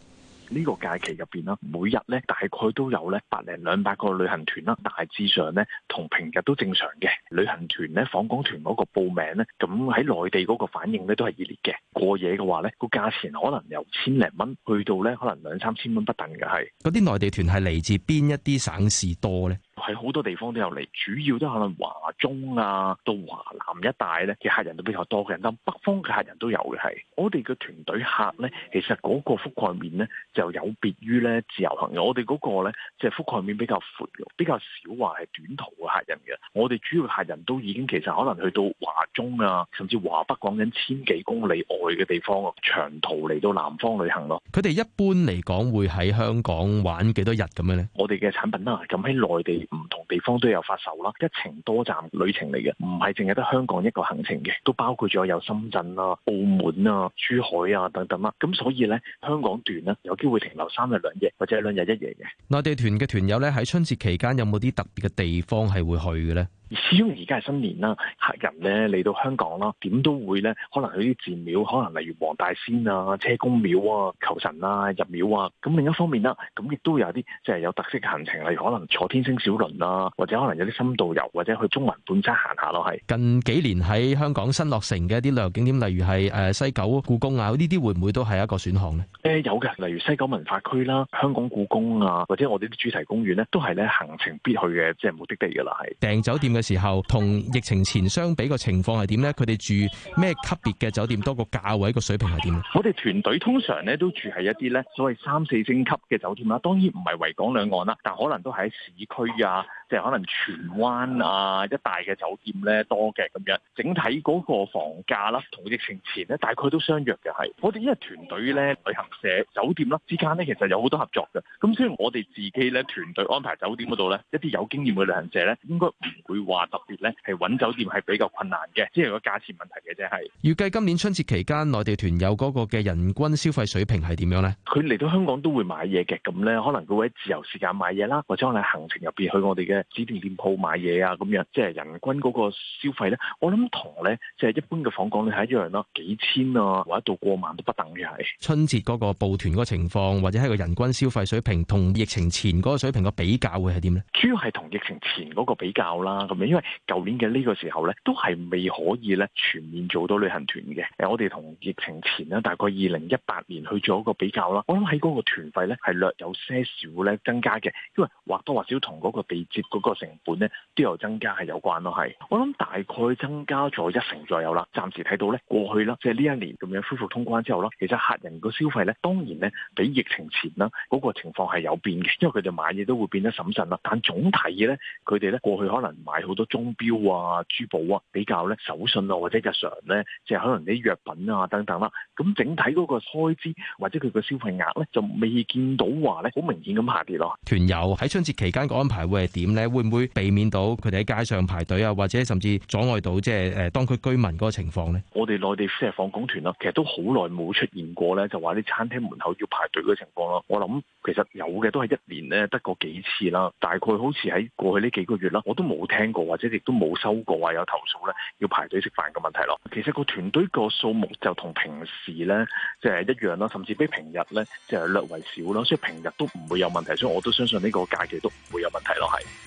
呢個假期入邊啦，每日咧大概都有咧百零兩百個旅行團啦，大致上咧同平日都正常嘅，旅行團咧，訪港團嗰個報名咧，咁喺內地嗰個反應咧都係熱烈嘅。過夜嘅話咧，個價錢可能由千零蚊去到咧可能兩三千蚊不等嘅係。嗰啲內地團係嚟自邊一啲省市多呢？喺好多地方都有嚟，主要都可能華中啊到華南一帶咧嘅客人都比較多嘅人，咁北方嘅客人都有嘅係。我哋嘅團隊客咧，其實嗰個覆蓋面咧就有別於咧自由行嘅，我哋嗰個咧即係覆蓋面比較闊，比較少話係短途嘅客人嘅。我哋主要客人都已經其實可能去到華中啊，甚至華北，講緊千幾公里外嘅地方啊，長途嚟到南方旅行咯。佢哋一般嚟講會喺香港玩幾多日咁樣咧？我哋嘅產品啦，咁喺內地。唔同地方都有發售啦，一程多站旅程嚟嘅唔係淨係得香港一個行程嘅，都包括咗有深圳啊、澳門啊、珠海啊等等啦。咁所以咧，香港段咧有機會停留三日兩夜或者兩日一夜嘅。內地團嘅團友咧喺春節期間有冇啲特別嘅地方係會去嘅咧？始終而家係新年啦，客人咧嚟到香港啦，點都會咧，可能去啲寺廟，可能例如黃大仙啊、車公廟啊、求神啊、入廟啊。咁另一方面啦，咁亦都有啲即係有特色嘅行程，例如可能坐天星小輪啊，或者可能有啲深度遊，或者去中環半山行下咯。係近幾年喺香港新落成嘅一啲旅遊景點，例如係誒西九故宮啊，呢啲會唔會都係一個選項咧？誒、呃、有嘅，例如西九文化區啦、香港故宮啊，或者我哋啲主題公園咧，都係咧行程必去嘅，即係目的地㗎啦。係訂酒店嘅時候同疫情前相比個情況係點呢？佢哋住咩級別嘅酒店，多個價位個水平係點？我哋團隊通常咧都住喺一啲呢，所謂三四星級嘅酒店啦，當然唔係維港兩岸啦，但可能都係喺市區啊。即係可能荃灣啊，一大嘅酒店咧多嘅咁樣，整體嗰個房價啦，同疫情前咧大概都相若嘅係。我哋因為團隊咧、旅行社、酒店啦之間咧，其實有好多合作嘅。咁所以我哋自己咧團隊安排酒店嗰度咧，一啲有經驗嘅旅行社咧，應該唔會話特別咧係揾酒店係比較困難嘅，即係個價錢問題嘅啫係。預計今年春節期間內地團友嗰個嘅人均消費水平係點樣咧？佢嚟到香港都會買嘢嘅，咁咧可能佢會喺自由時間買嘢啦，或者可能行程入邊去我哋嘅指定店鋪買嘢啊，咁樣即係人均嗰個消費咧，我諗同咧即係一般嘅訪港旅係一樣咯，幾千啊，或者到過萬都不等於係，春節嗰個報團嗰個情況，或者係個人均消費水平同疫情前嗰個水平個比較會係點咧？主要係同疫情前嗰個比較啦，咁樣因為舊年嘅呢個時候咧都係未可以咧全面做到旅行團嘅。誒，我哋同疫情前咧大概二零一八年去做一個比較啦，我諗喺嗰個團費咧係略有些少咧增加嘅，因為或多或少同嗰個地接。嗰個成本咧，都有增加係有關咯，係我諗大概增加咗一成左右啦。暫時睇到咧，過去啦，即係呢一年咁樣恢復通關之後啦，其實客人個消費咧，當然咧，比疫情前啦嗰個情況係有變嘅，因為佢哋買嘢都會變得審慎啦。但總體嘅咧，佢哋咧過去可能買好多鐘錶啊、珠寶啊，比較咧手信啊或者日常咧，即係可能啲藥品啊等等啦。咁整體嗰個開支或者佢個消費額咧，就未見到話咧好明顯咁下跌咯。團友喺春節期間個安排會係點？咧會唔會避免到佢哋喺街上排隊啊，或者甚至阻礙到即係誒當區居民嗰個情況呢？我哋內地即係訪港團啦，其實都好耐冇出現過咧，就話啲餐廳門口要排隊嘅情況咯。我諗其實有嘅都係一年咧得個幾次啦，大概好似喺過去呢幾個月啦，我都冇聽過，或者亦都冇收過話有投訴咧要排隊食飯嘅問題咯。其實個團隊個數目就同平時咧即係一樣啦，甚至比平日咧即係略為少咯，所以平日都唔會有問題，所以我都相信呢個假期都唔會有問題咯，係。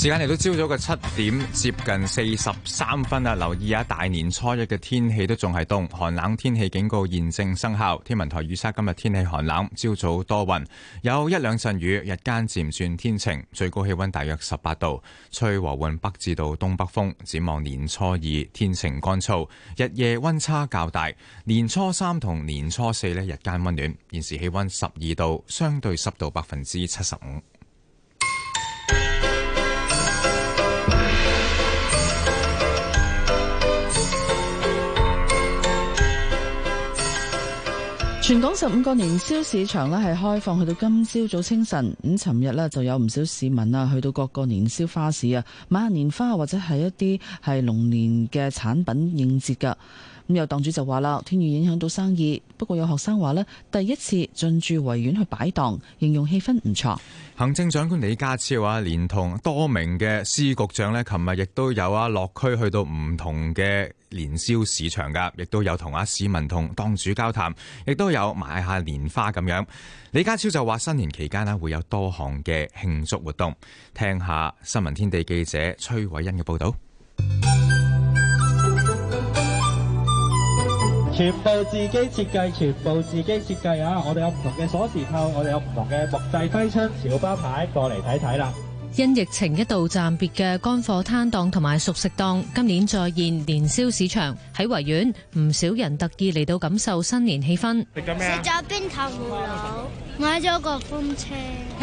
時間嚟到朝早嘅七點接近四十三分啦，留意下大年初一嘅天氣都仲係凍，寒冷天氣警告現正生效。天文台預測今日天氣寒冷，朝早多雲，有一兩陣雨，日間漸轉天晴，最高氣溫大約十八度，吹和緩北至到東北風。展望年初二天晴乾燥，日夜溫差較大。年初三同年初四呢，日間溫暖，現時氣溫十二度，相對濕度百分之七十五。全港十五個年宵市場咧係開放，去到今朝早清晨。咁尋日就有唔少市民啊，去到各個年宵花市啊，買下年花或者係一啲係龍年嘅產品應節噶。咁有檔主就話啦，天雨影響到生意。不過有學生話咧，第一次進駐維園去擺檔，形容氣氛唔錯。行政長官李家超啊，連同多名嘅司局長呢，琴日亦都有啊落區去到唔同嘅。年宵市場噶，亦都有同啊市民同檔主交談，亦都有買下年花咁樣。李家超就話新年期間咧會有多項嘅慶祝活動，聽下新聞天地記者崔偉欣嘅報道。全部自己設計，全部自己設計啊！我哋有唔同嘅鎖匙扣，我哋有唔同嘅木製徽章、小巴牌，過嚟睇睇啦。因疫情一度暫別嘅乾貨攤檔同埋熟食檔，今年再現年宵市場。喺維園，唔少人特意嚟到感受新年氣氛。食咗咩？食咗冰糖葫蘆。買咗個風車，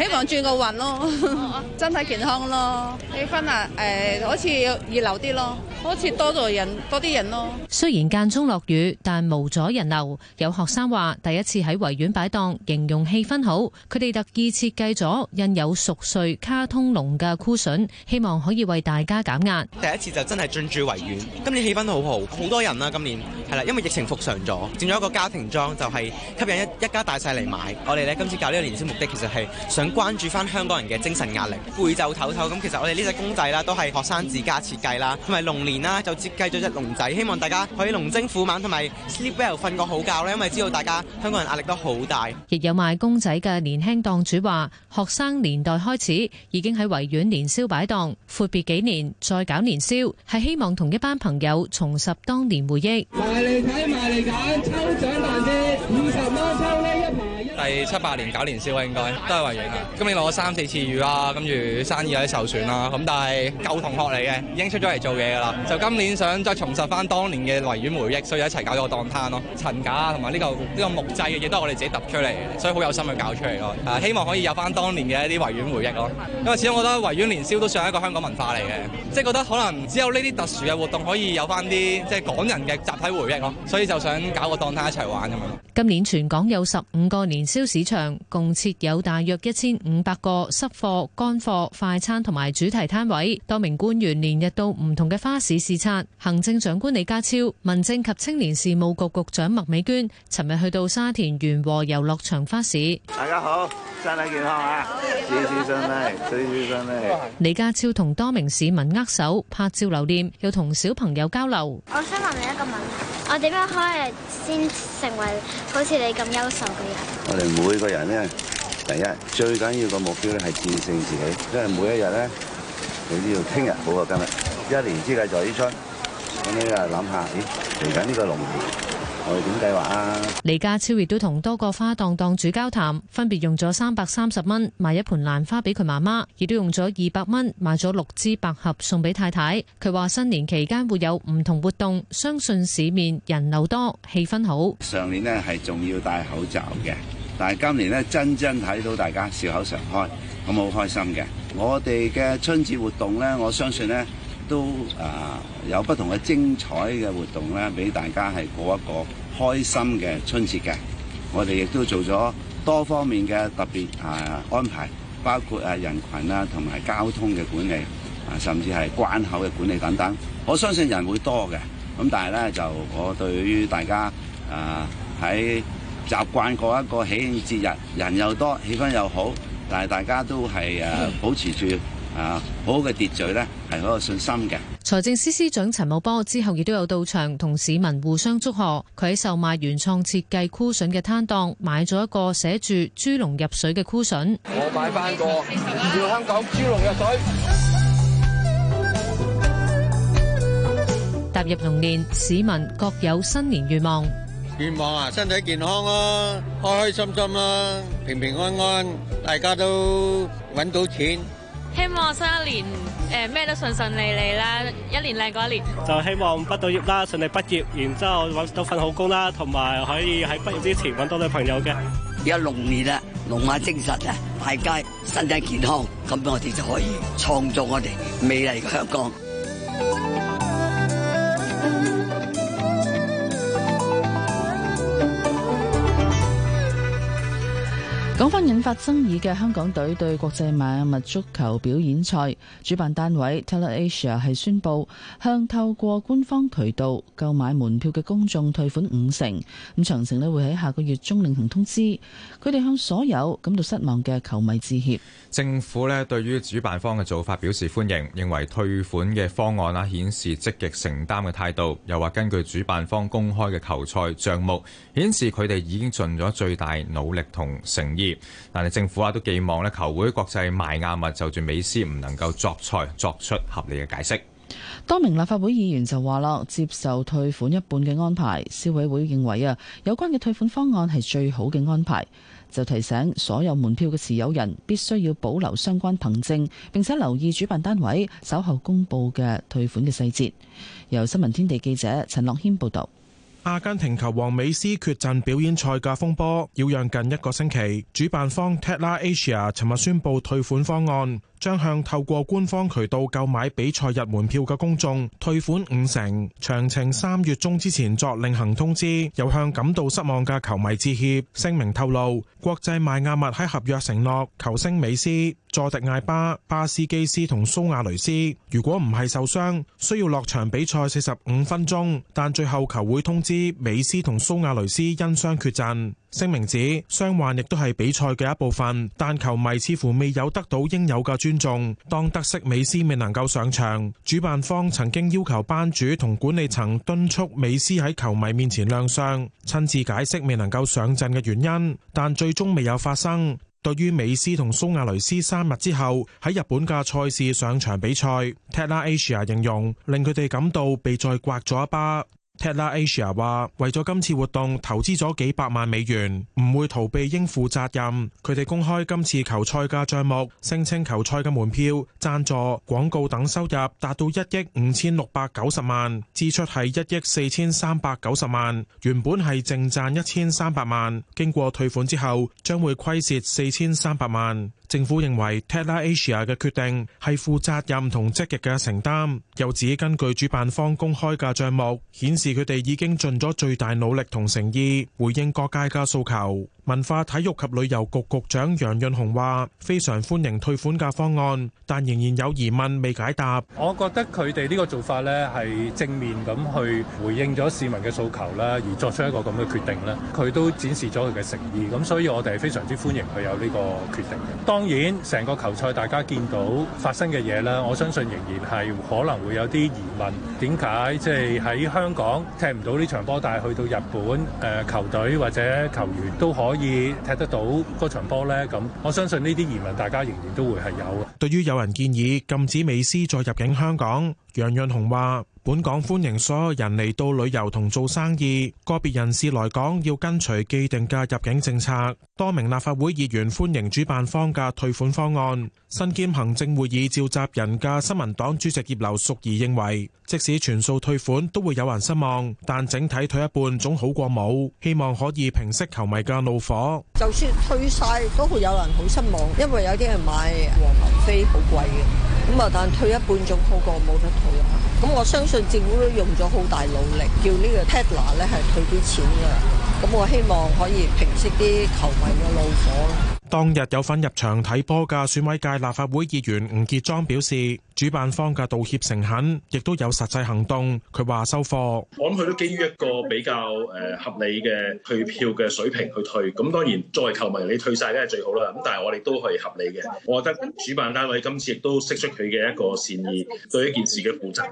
希望轉個運咯，身、哦、體、哦、健康咯，氣氛啊，誒、呃，好似要熱鬧啲咯，好似多咗人，多啲人咯。雖然間中落雨，但無阻人流。有學生話：第一次喺維園擺檔，形容氣氛好。佢哋特意設計咗印有熟睡卡通龍嘅箍筍，希望可以為大家減壓。第一次就真係進駐維園，今年氣氛好好，好多人啦。今年係啦，因為疫情復常咗，整咗一個家庭裝，就係、是、吸引一一家大細嚟買。我哋咧搞呢個年宵目的其實係想關注翻香港人嘅精神壓力，背就唞唞咁其實我哋呢隻公仔啦，都係學生自家設計啦，同埋龍年啦就設計咗隻龍仔。希望大家可以龍精虎猛，同埋 sleep well，瞓個好覺咧，因為知道大家香港人壓力都好大。亦有賣公仔嘅年輕檔主話：，學生年代開始已經喺維園年宵擺檔，闊別幾年再搞年宵，係希望同一班朋友重拾當年回憶。埋嚟睇，埋嚟揀，抽獎環啲。五十蚊七八年搞年宵應該，都係維園啊！今年落咗三四次雨啦，跟住，生意有啲受損啦。咁但係舊同學嚟嘅，已經出咗嚟做嘢噶啦。就今年想再重拾翻當年嘅維園回憶，所以一齊搞咗個檔攤咯。陳架同埋呢個呢、呢個木製嘅，嘢都係我哋自己揼出嚟，所以好有心去搞出嚟咯。啊，希望可以有翻當年嘅一啲維園回憶咯。因為始終我覺得維園年宵都算係一個香港文化嚟嘅，即、就、係、係、覺得可能只有呢啲特殊嘅活動可以有翻啲即係港人嘅集體回憶咯。所以就想搞個檔攤一齊玩咁樣。今年全港有十五個年超市場共設有大約一千五百個濕貨、乾貨、快餐同埋主題攤位。多名官員連日到唔同嘅花市視察。行政長官李家超、民政及青年事務局局長麥美娟尋日去到沙田源禾遊樂場花市。大家好，身體健康啊！注意小心咧，注意小心咧。李家超同多名市民握手、拍照留念，又同小朋友交流。我想問你一個問題，我點樣可以先成為好似你咁優秀嘅人？我哋每個人咧，第一最緊要個目標咧係戰勝自己，因為每一日咧，你都要聽日好過今日。一年之計在於春，咁你啊諗下，咦嚟緊呢個龍年，我哋點計劃啊？李家超亦都同多個花檔檔主交談，分別用咗三百三十蚊買一盆蘭花俾佢媽媽，亦都用咗二百蚊買咗六支百合送俾太太。佢話新年期間會有唔同活動，相信市面人流多，氣氛好。上年呢，係仲要戴口罩嘅。但係今年呢，真真睇到大家笑口常開，咁好開心嘅。我哋嘅春節活動呢，我相信呢都啊有不同嘅精彩嘅活動呢，俾大家係過一個開心嘅春節嘅。我哋亦都做咗多方面嘅特別啊安排，包括啊人群啦，同埋交通嘅管理啊，甚至係關口嘅管理等等。我相信人會多嘅，咁但係呢就我對於大家啊喺習慣過一個喜慶節日，人又多，氣氛又好，但係大家都係誒保持住、嗯、啊好嘅秩序咧，係好有信心嘅。財政司司長陳茂波之後亦都有到場同市民互相祝賀。佢喺售賣原創設計箍筍嘅攤檔買咗一個寫住豬籠入水嘅箍筍。我買翻個、妙、啊、香港豬籠入水。踏入龍年，市民各有新年願望。願望啊，身體健康咯，開開心心咯，平平安安，大家都揾到錢希望新一年誒咩都順順利利啦，一年靚過一年。就希望畢到業啦，順利畢業，然之後揾到份好工啦，同埋可以喺畢業之前揾到女朋友嘅。一龍年啦，龍馬精神啊！大家身體健康，咁我哋就可以創造我哋美麗嘅香港。講翻引發爭議嘅香港隊對國際邁阿密足球表演賽主辦單位 Tatler Asia 係宣布向透過官方渠道購買門票嘅公眾退款五成，咁詳情咧會喺下個月中另行通知。佢哋向所有感到失望嘅球迷致歉。政府咧對於主辦方嘅做法表示歡迎，認為退款嘅方案啦顯示積極承擔嘅態度，又話根據主辦方公開嘅球賽賬目，顯示佢哋已經盡咗最大努力同誠意。但係政府啊，都寄望咧球會國際邁阿密，就住美斯唔能夠作賽，作出合理嘅解釋。多名立法會議員就話啦，接受退款一半嘅安排。消委會認為啊，有關嘅退款方案係最好嘅安排。就提醒所有門票嘅持有人，必須要保留相關憑證，並且留意主辦單位稍後公布嘅退款嘅細節。由新聞天地記者陳樂謙報道。阿根廷球王美斯缺陣表演賽嘅風波，擾攘近一個星期。主辦方 Tella Asia 尋日宣布退款方案，將向透過官方渠道購買比賽日門票嘅公眾退款五成，詳情三月中之前作另行通知。又向感到失望嘅球迷致歉。聲明透露，國際邁亞密喺合約承諾球星美斯、佐迪艾巴、巴斯基斯同蘇亞雷斯，如果唔係受傷需要落場比賽四十五分鐘，但最後球會通知。斯、美斯同蘇亞雷斯因傷缺陣。聲明指傷患亦都係比賽嘅一部分，但球迷似乎未有得到應有嘅尊重。當得悉美斯未能夠上場，主辦方曾經要求班主同管理層敦促美斯喺球迷面前亮相，親自解釋未能夠上陣嘅原因，但最終未有發生。對於美斯同蘇亞雷斯三日之後喺日本嘅賽事上場比賽，Tatler Asia 形容令佢哋感到被再刮咗一巴。Tatler Asia 話：為咗今次活動投資咗幾百萬美元，唔會逃避應負責任。佢哋公開今次球賽嘅賬目，聲稱球賽嘅門票、贊助、廣告等收入達到一億五千六百九十萬，支出係一億四千三百九十萬，原本係淨賺一千三百萬，經過退款之後將會虧蝕四千三百萬。政府認為 Tatler Asia 嘅決定係負責任同積極嘅承擔，又指根據主辦方公開嘅帳目，顯示佢哋已經盡咗最大努力同誠意回應各界嘅訴求。文化體育及旅遊局局長楊潤雄話：非常歡迎退款嘅方案，但仍然有疑問未解答。我覺得佢哋呢個做法呢係正面咁去回應咗市民嘅訴求啦，而作出一個咁嘅決定呢，佢都展示咗佢嘅誠意。咁所以，我哋係非常之歡迎佢有呢個決定。當然，成個球賽大家見到發生嘅嘢啦，我相信仍然係可能會有啲疑問，點解即係喺香港踢唔到呢場波，但係去到日本誒球隊或者球員都可以踢得到嗰場波呢？咁我相信呢啲疑問，大家仍然都會係有。對於有人建議禁止美斯再入境香港，楊潤雄話。本港歡迎所有人嚟到旅遊同做生意。個別人士來港要跟隨既定嘅入境政策。多名立法會議員歡迎主辦方嘅退款方案。身兼行政會議召集人嘅新民黨主席葉劉淑儀認為，即使全數退款都會有人失望，但整體退一半總好過冇。希望可以平息球迷嘅怒火。就算退晒都會有人好失望，因為有啲人買黃牛飛好貴嘅，咁啊，但退一半總好過冇得退。咁我相信政府都用咗好大努力，叫呢個 Tatler 咧，係退啲錢㗎。咁我希望可以平息啲球迷嘅怒火。當日有份入場睇波嘅選委界立法會議員吳傑莊表示，主辦方嘅道歉誠懇，亦都有實際行動。佢話收貨，我諗佢都基於一個比較誒合理嘅退票嘅水平去退。咁當然，作為球迷，你退晒梗係最好啦。咁但係我哋都係合理嘅。我覺得主辦單位今次亦都釋出佢嘅一個善意，對一件事嘅負責，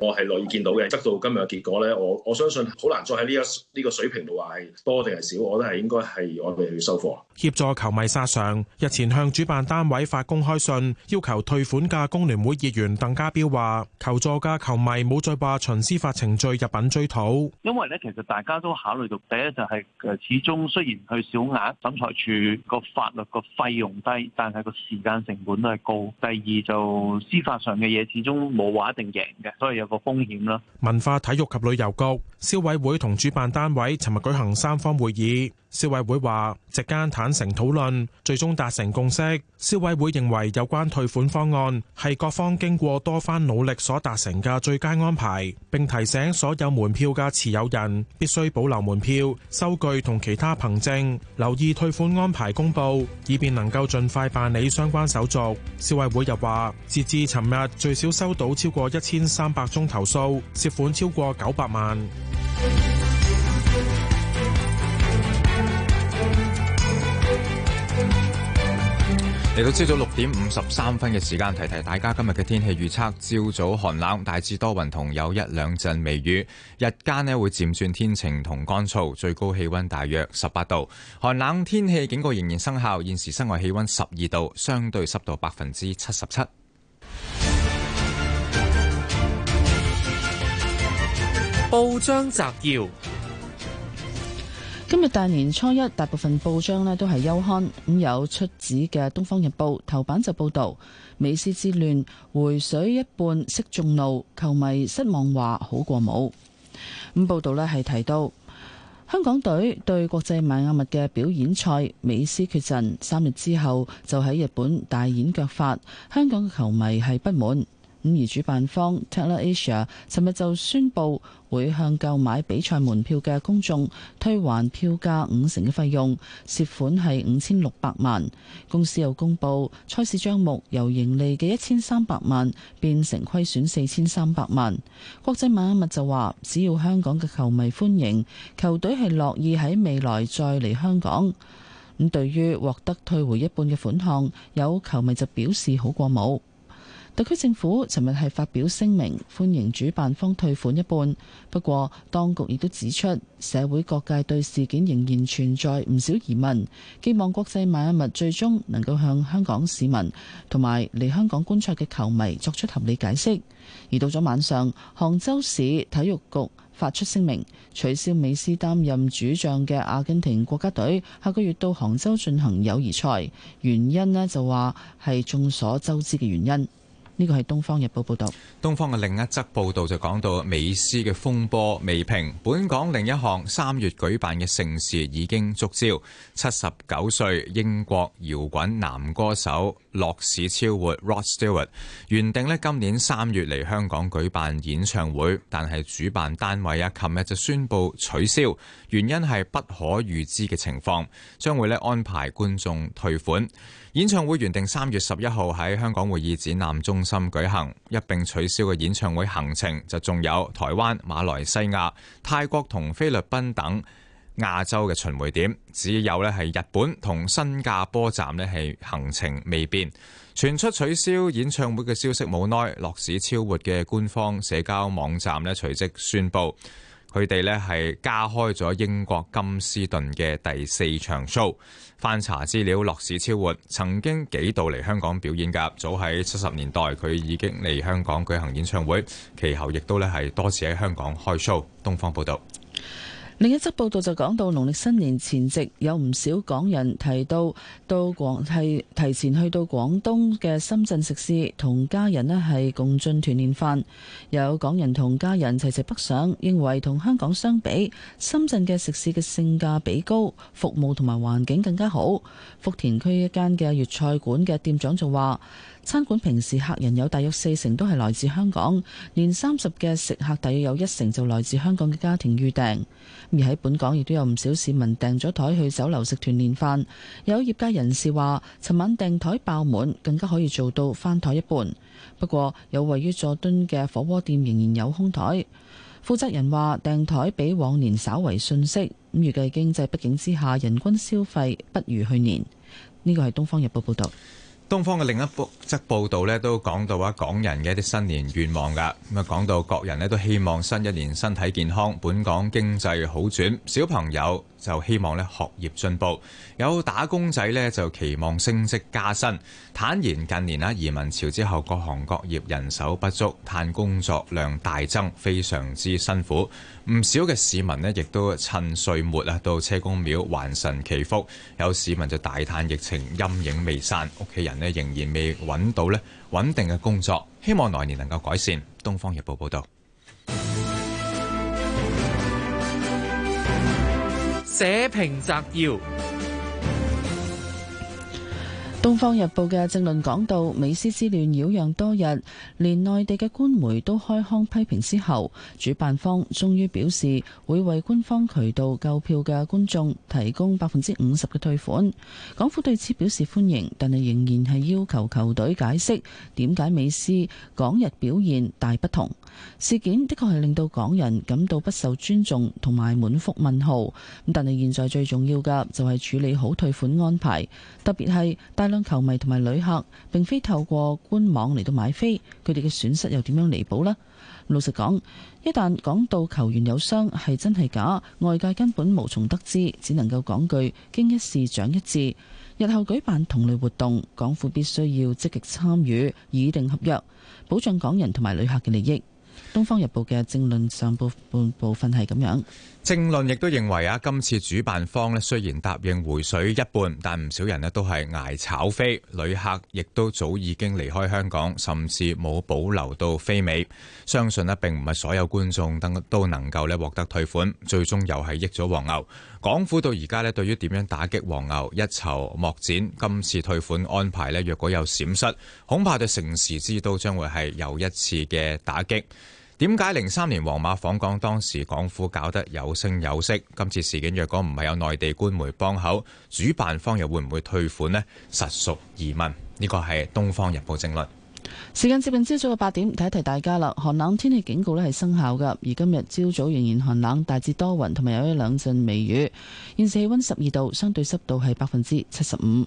我係樂意見到嘅。得到今日嘅結果咧，我我相信好難再喺呢一呢個水平度話係多定係少，我覺得係應該係我哋去收貨。協助球迷。加上日前向主辦單位發公開信，要求退款嘅工聯會議員鄧家彪話：求助嘅球迷冇再話循司法程序入稟追討，因為咧其實大家都考慮到第一就係誒始終雖然去小額審裁處個法律個費用低，但係個時間成本都係高。第二就司法上嘅嘢始終冇話一定贏嘅，所以有個風險啦。文化體育及旅遊局消委會同主辦單位尋日舉行三方會議。消委會話，席間坦誠討論，最終達成共識。消委會認為有關退款方案係各方經過多番努力所達成嘅最佳安排，並提醒所有門票嘅持有人必須保留門票、收據同其他憑證，留意退款安排公布，以便能夠盡快辦理相關手續。消委會又話，截至尋日，最少收到超過一千三百宗投訴，涉款超過九百萬。嚟到朝早六點五十三分嘅時間，提提大家今日嘅天氣預測：朝早寒冷，大致多雲同有一兩陣微雨；日間呢會漸轉天晴同乾燥，最高氣溫大約十八度。寒冷天氣警告仍然生效。現時室外氣溫十二度，相對濕度百分之七十七。報章摘要。今日大年初一，大部分報章咧都係休刊，咁有出紙嘅《東方日報》頭版就報道美斯之亂回水一半釋眾怒，球迷失望話好過冇。咁報道咧係提到香港隊對國際邁阿密嘅表演賽，美斯缺陣三日之後就喺日本大演腳法，香港嘅球迷係不滿。咁而主辦方 Tatler Asia 尋日就宣布會向購買比賽門票嘅公眾退還票價五成嘅費用，涉款係五千六百萬。公司又公布賽事賬目由盈利嘅一千三百萬變成虧損四千三百萬。國際邁阿密就話：只要香港嘅球迷歡迎球隊，係樂意喺未來再嚟香港。咁對於獲得退回一半嘅款項，有球迷就表示好過冇。特區政府尋日係發表聲明，歡迎主辦方退款一半。不過，當局亦都指出，社會各界對事件仍然存在唔少疑問，希望國際邁阿密最終能夠向香港市民同埋嚟香港觀賽嘅球迷作出合理解釋。而到咗晚上，杭州市體育局發出聲明，取消美斯擔任主將嘅阿根廷國家隊下個月到杭州進行友誼賽，原因呢，就話係眾所周知嘅原因。呢個係《東方日報》報導。東方嘅另一則報導就講到美斯嘅風波未平，本港另一項三月舉辦嘅盛事已經觸礁，七十九歲英國搖滾男歌手洛史超活 （Rod Stewart） 原定今年三月嚟香港舉辦演唱會，但係主辦單位啊，琴日就宣布取消，原因係不可預知嘅情況，將會咧安排觀眾退款。演唱會原定三月十一號喺香港會議展覽中心舉行，一併取消嘅演唱會行程就仲有台灣、馬來西亞、泰國同菲律賓等亞洲嘅巡回點，只有呢係日本同新加坡站，呢係行程未變。傳出取消演唱會嘅消息冇耐，樂市超活嘅官方社交網站呢隨即宣布。佢哋呢係加開咗英國金斯頓嘅第四場 show，翻查資料，樂史超活曾經幾度嚟香港表演噶，早喺七十年代佢已經嚟香港舉行演唱會，其後亦都呢係多次喺香港開 show。東方報道。另一則報道就講到，農曆新年前夕有唔少港人提到到廣係提前去到廣東嘅深圳食肆同家人咧係共進團年飯，有港人同家人齊齊北上，認為同香港相比，深圳嘅食肆嘅性價比高，服務同埋環境更加好。福田區一間嘅粵菜館嘅店長就話。餐館平時客人有大約四成都係來自香港，年三十嘅食客大約有一成就來自香港嘅家庭預訂。而喺本港亦都有唔少市民訂咗台去酒樓食團年飯。有業界人士話：尋晚訂台爆滿，更加可以做到翻台一半。不過，有位於佐敦嘅火鍋店仍然有空台。負責人話：訂台比往年稍為遜色。咁預計經濟不景之下，人均消費不如去年。呢個係《東方日報》報導。東方嘅另一則報道都講到啊，港人嘅一啲新年願望㗎。咁講到各人都希望新一年身體健康，本港經濟好轉，小朋友，就希望咧學業進步，有打工仔呢，就期望升職加薪。坦言近年啊移民潮之後，各行各業人手不足，嘆工作量大增，非常之辛苦。唔少嘅市民呢，亦都趁歲末啊到車公廟還神祈福。有市民就大嘆疫情陰影未散，屋企人呢，仍然未揾到呢穩定嘅工作，希望來年能夠改善。《東方日報》報導。社評摘要：《東方日報》嘅政論講到：美斯之亂擾攘多日，連內地嘅官媒都開腔批評之後，主辦方終於表示會為官方渠道購票嘅觀眾提供百分之五十嘅退款。港府對此表示歡迎，但係仍然係要求球隊解釋點解美斯港日表現大不同。事件的確係令到港人感到不受尊重同埋滿腹問號，但係現在最重要嘅就係處理好退款安排，特別係大量球迷同埋旅客並非透過官網嚟到買飛，佢哋嘅損失又點樣彌補咧？老實講，一旦講到球員有傷係真係假，外界根本無從得知，只能夠講句經一事長一智。日後舉辦同類活動，港府必須要積極參與，擬定合約，保障港人同埋旅客嘅利益。《東方日報》嘅政論上半部分係咁樣，政論亦都認為啊，今次主辦方咧雖然答應回水一半，但唔少人都係挨炒飛，旅客亦都早已經離開香港，甚至冇保留到飛尾。相信咧並唔係所有觀眾都都能夠咧獲得退款，最終又係益咗黃牛。港府到而家咧對於點樣打擊黃牛一籌莫展，今次退款安排咧若果有閃失，恐怕對盛事之都將會係又一次嘅打擊。點解零三年皇馬訪港當時港府搞得有聲有色？今次事件若果唔係有內地官媒幫口，主辦方又會唔會退款呢？實屬疑問。呢個係《東方日報》正論。時間接近朝早嘅八點，提一提大家啦。寒冷天氣警告咧係生效噶，而今日朝早仍然寒冷，大致多雲，同埋有一兩陣微雨。現時氣溫十二度，相對濕度係百分之七十五。